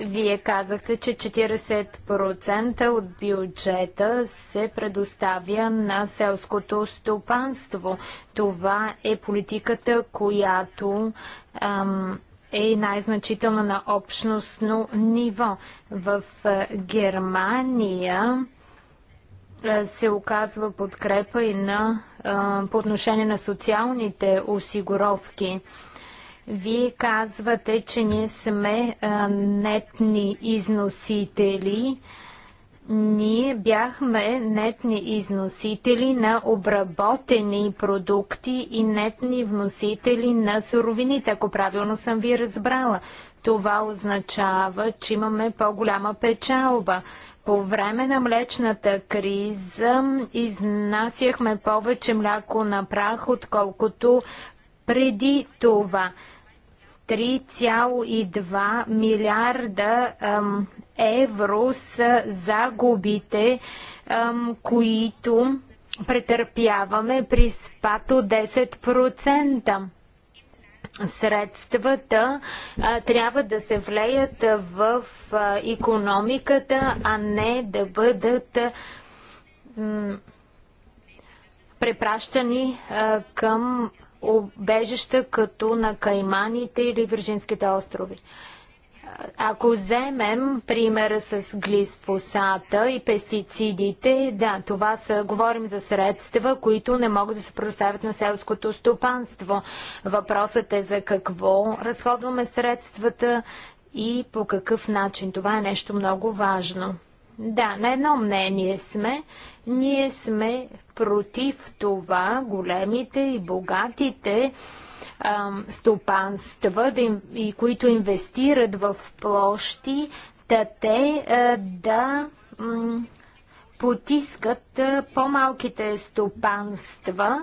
Вие казахте, че 40% от бюджета се предоставя на селското стопанство. Това е политиката, която е най-значителна на общностно ниво. В Германия е, се оказва подкрепа и на, е, по отношение на социалните осигуровки. Вие казвате, че ние сме е, нетни износители. Ние бяхме нетни износители на обработени продукти и нетни вносители на суровините, ако правилно съм ви разбрала. Това означава, че имаме по-голяма печалба. По време на млечната криза изнасяхме повече мляко на прах, отколкото преди това. 3,2 милиарда ам, евро са загубите, ам, които претърпяваме при спад от 10% средствата а, трябва да се влеят в а, економиката, а не да бъдат препращани а, към убежища като на Кайманите или Виржинските острови. Ако вземем примера с глисфосата и пестицидите, да, това са, говорим за средства, които не могат да се предоставят на селското стопанство. Въпросът е за какво разходваме средствата и по какъв начин. Това е нещо много важно. Да, на едно мнение сме. Ние сме против това големите и богатите стопанства да им, и които инвестират в площи, да те да потискат по-малките стопанства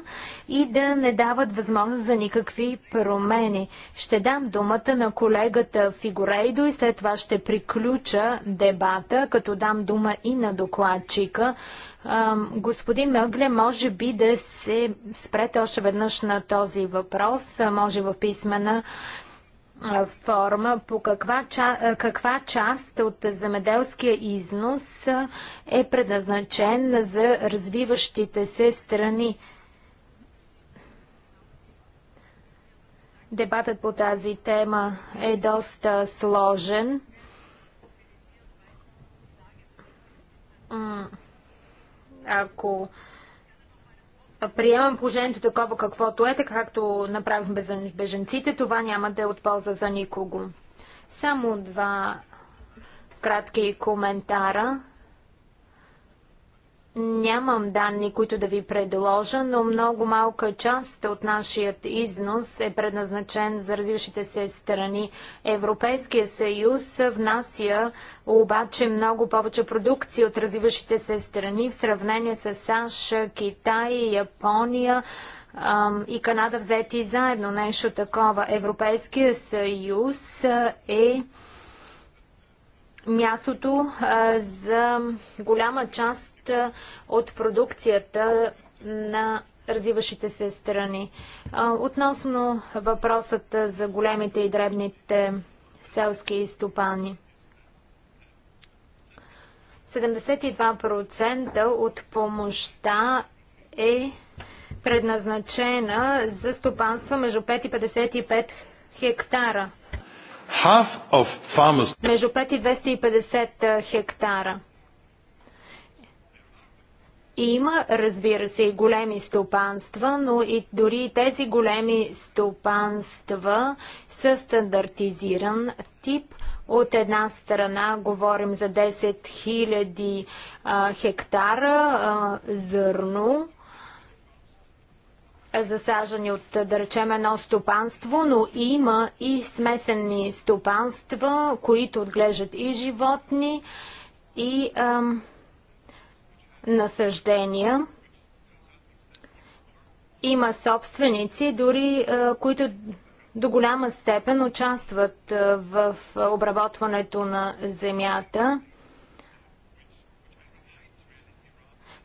и да не дават възможност за никакви промени. Ще дам думата на колегата Фигурейдо и след това ще приключа дебата, като дам дума и на докладчика. Господин Мъгле, може би да се спрете още веднъж на този въпрос, може в писмена форма по каква, каква част от земеделския износ е предназначен за развиващите се страни. Дебатът по тази тема е доста сложен. Ако Приемам положението такова каквото е, така както направихме за беженците, това няма да е от полза за никого. Само два кратки коментара. Нямам данни, които да ви предложа, но много малка част от нашият износ е предназначен за развиващите се страни. Европейския съюз внася обаче много повече продукции от развиващите се страни в сравнение с САЩ, Китай, Япония и Канада взети заедно. Нещо такова. Европейския съюз е мястото за голяма част от продукцията на развиващите се страни. Относно въпросът за големите и дребните селски стопани. 72% от помощта е предназначена за стопанства между 5 и 55 хектара. Half of farmers. Между 5 и 250 хектара. Има, разбира се, и големи стопанства, но и дори тези големи стопанства са стандартизиран тип. От една страна говорим за 10 000 хектара зърно, засажани от, да речем, едно стопанство, но има и смесени стопанства, които отглеждат и животни, и... А, насъждения. Има собственици, дори които до голяма степен участват в обработването на земята.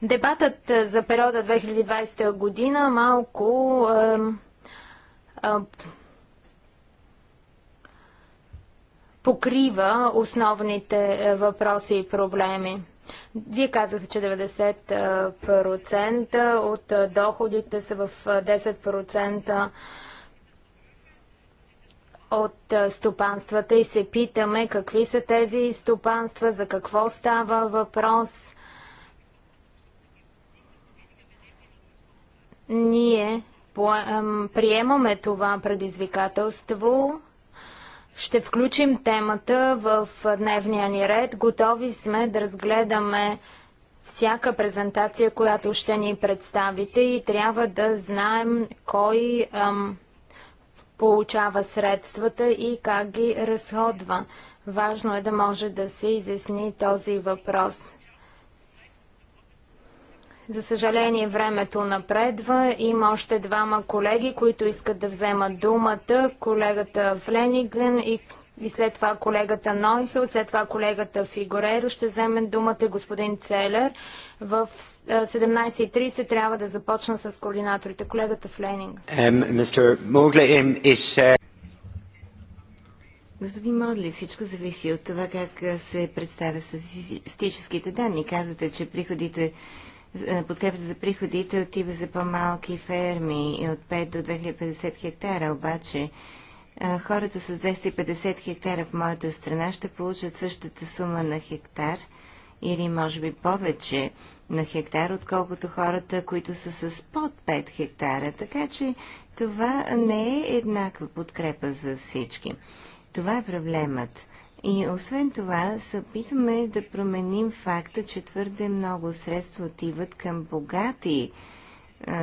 Дебатът за периода 2020 година малко покрива основните въпроси и проблеми. Вие казахте, че 90% от доходите са в 10% от стопанствата и се питаме какви са тези стопанства, за какво става въпрос. Ние приемаме това предизвикателство ще включим темата в дневния ни ред. Готови сме да разгледаме всяка презентация, която ще ни представите и трябва да знаем кой ам, получава средствата и как ги разходва. Важно е да може да се изясни този въпрос. За съжаление, времето напредва. Има още двама колеги, които искат да вземат думата. Колегата Флениган и, и след това колегата Нойхил, след това колегата Фигуреро ще вземе думата господин Целер. В 17.30 трябва да започна с координаторите. Колегата Um, Господин Модли, всичко зависи от това как се представя с статистическите данни. Казвате, че приходите е, подкрепата за приходите отива за по-малки ферми от 5 до 2050 хектара, обаче е, хората с 250 хектара в моята страна ще получат същата сума на хектар или може би повече на хектар, отколкото хората, които са с под 5 хектара. Така че това не е еднаква подкрепа за всички. Това е проблемът. И освен това, се опитваме да променим факта, че твърде много средства отиват към богати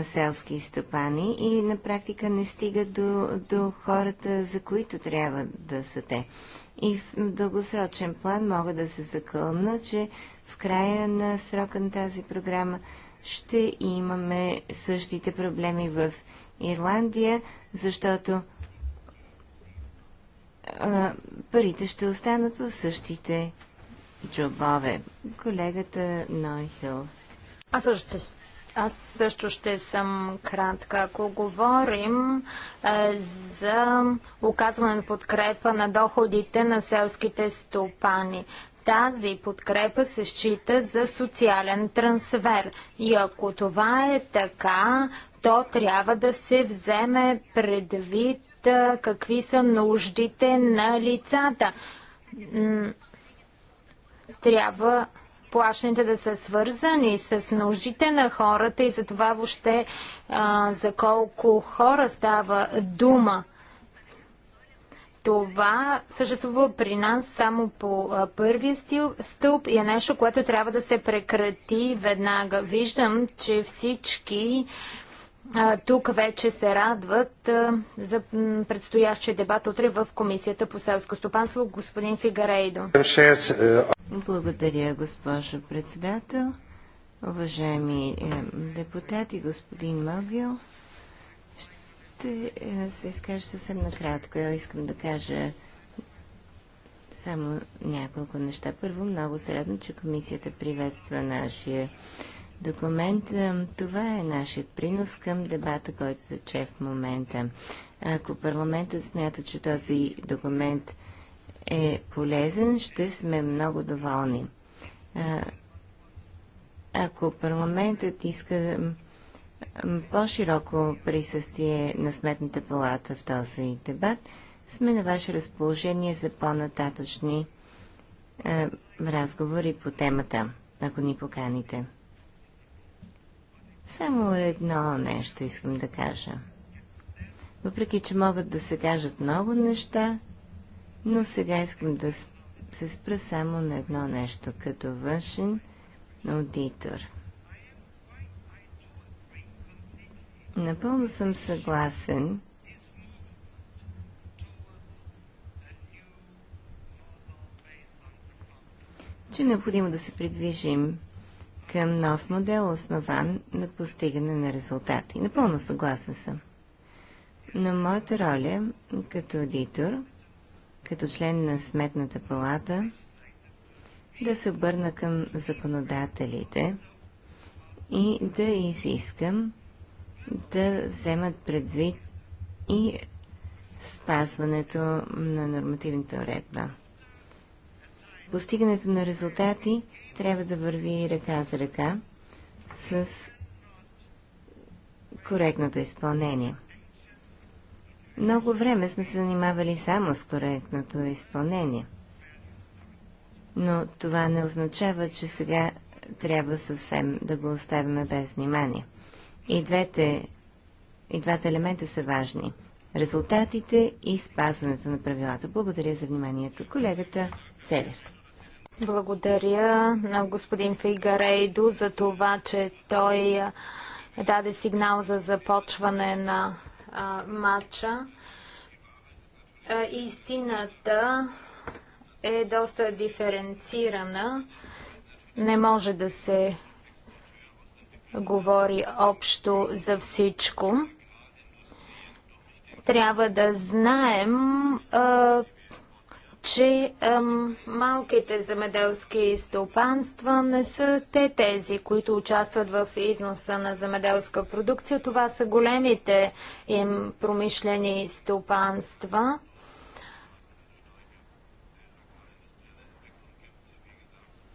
селски стопани и на практика не стигат до, до хората, за които трябва да са те. И в дългосрочен план мога да се закълна, че в края на срока на тази програма ще имаме същите проблеми в Ирландия, защото а, парите ще останат в същите джобове. Колегата Нойхил. Аз също се аз също ще съм кратка. Ако говорим е, за оказване на подкрепа на доходите на селските стопани, тази подкрепа се счита за социален трансфер. И ако това е така, то трябва да се вземе предвид какви са нуждите на лицата. Трябва плащаните да са свързани с нуждите на хората и за това въобще за колко хора става дума. Това съществува при нас само по първия стълб и е нещо, което трябва да се прекрати веднага. Виждам, че всички а, тук вече се радват за предстоящия дебат утре в Комисията по селско стопанство. Господин Фигарейдо. Благодаря, госпожо председател. Уважаеми е, депутати, господин Магио, ще е, се изкажа съвсем накратко. Я искам да кажа само няколко неща. Първо, много се радвам, че комисията приветства нашия документ. Е, това е нашият принос към дебата, който тече е в момента. Ако парламентът смята, че този документ е полезен, ще сме много доволни. Ако парламентът иска по-широко присъствие на Сметната палата в този дебат, сме на ваше разположение за по-нататъчни разговори по темата, ако ни поканите. Само едно нещо искам да кажа. Въпреки, че могат да се кажат много неща, но сега искам да се спра само на едно нещо, като външен аудитор. Напълно съм съгласен, че е необходимо да се придвижим към нов модел, основан на постигане на резултати. Напълно съгласна съм. Но моята роля като аудитор, като член на Сметната палата, да се обърна към законодателите и да изискам да вземат предвид и спазването на нормативната уредба. Постигането на резултати трябва да върви ръка за ръка с коректното изпълнение. Много време сме се занимавали само с коректното изпълнение. Но това не означава, че сега трябва съвсем да го оставяме без внимание. И, двете, и двата елемента са важни. Резултатите и спазването на правилата. Благодаря за вниманието, колегата Целер. Благодаря на господин Фигарейдо за това, че той даде сигнал за започване на а, матча. А, истината е доста диференцирана. Не може да се говори общо за всичко. Трябва да знаем а, че ам, малките земеделски стопанства не са те тези, които участват в износа на земеделска продукция. Това са големите им промишлени стопанства.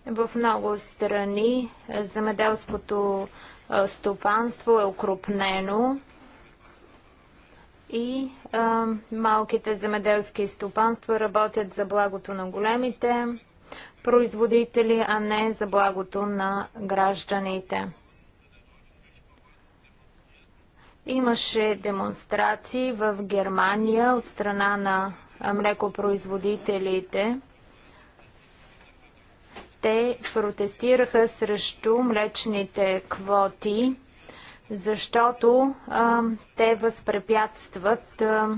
В много страни земеделското стопанство е укрупнено и малките земеделски стопанства работят за благото на големите производители, а не за благото на гражданите. Имаше демонстрации в Германия от страна на млекопроизводителите. Те протестираха срещу млечните квоти защото а, те възпрепятстват а,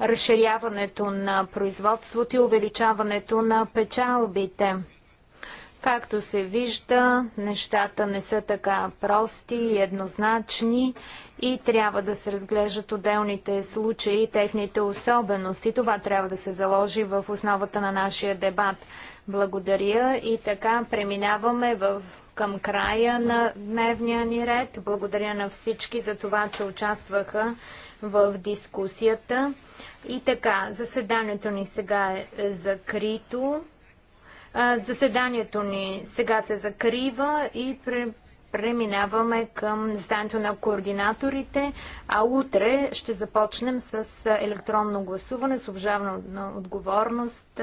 разширяването на производството и увеличаването на печалбите. Както се вижда, нещата не са така прости и еднозначни и трябва да се разглеждат отделните случаи и техните особености. Това трябва да се заложи в основата на нашия дебат. Благодаря и така преминаваме в към края на дневния ни ред. Благодаря на всички за това, че участваха в дискусията. И така, заседанието ни сега е закрито. Заседанието ни сега се закрива и преминаваме към заседанието на координаторите, а утре ще започнем с електронно гласуване с обжавна отговорност.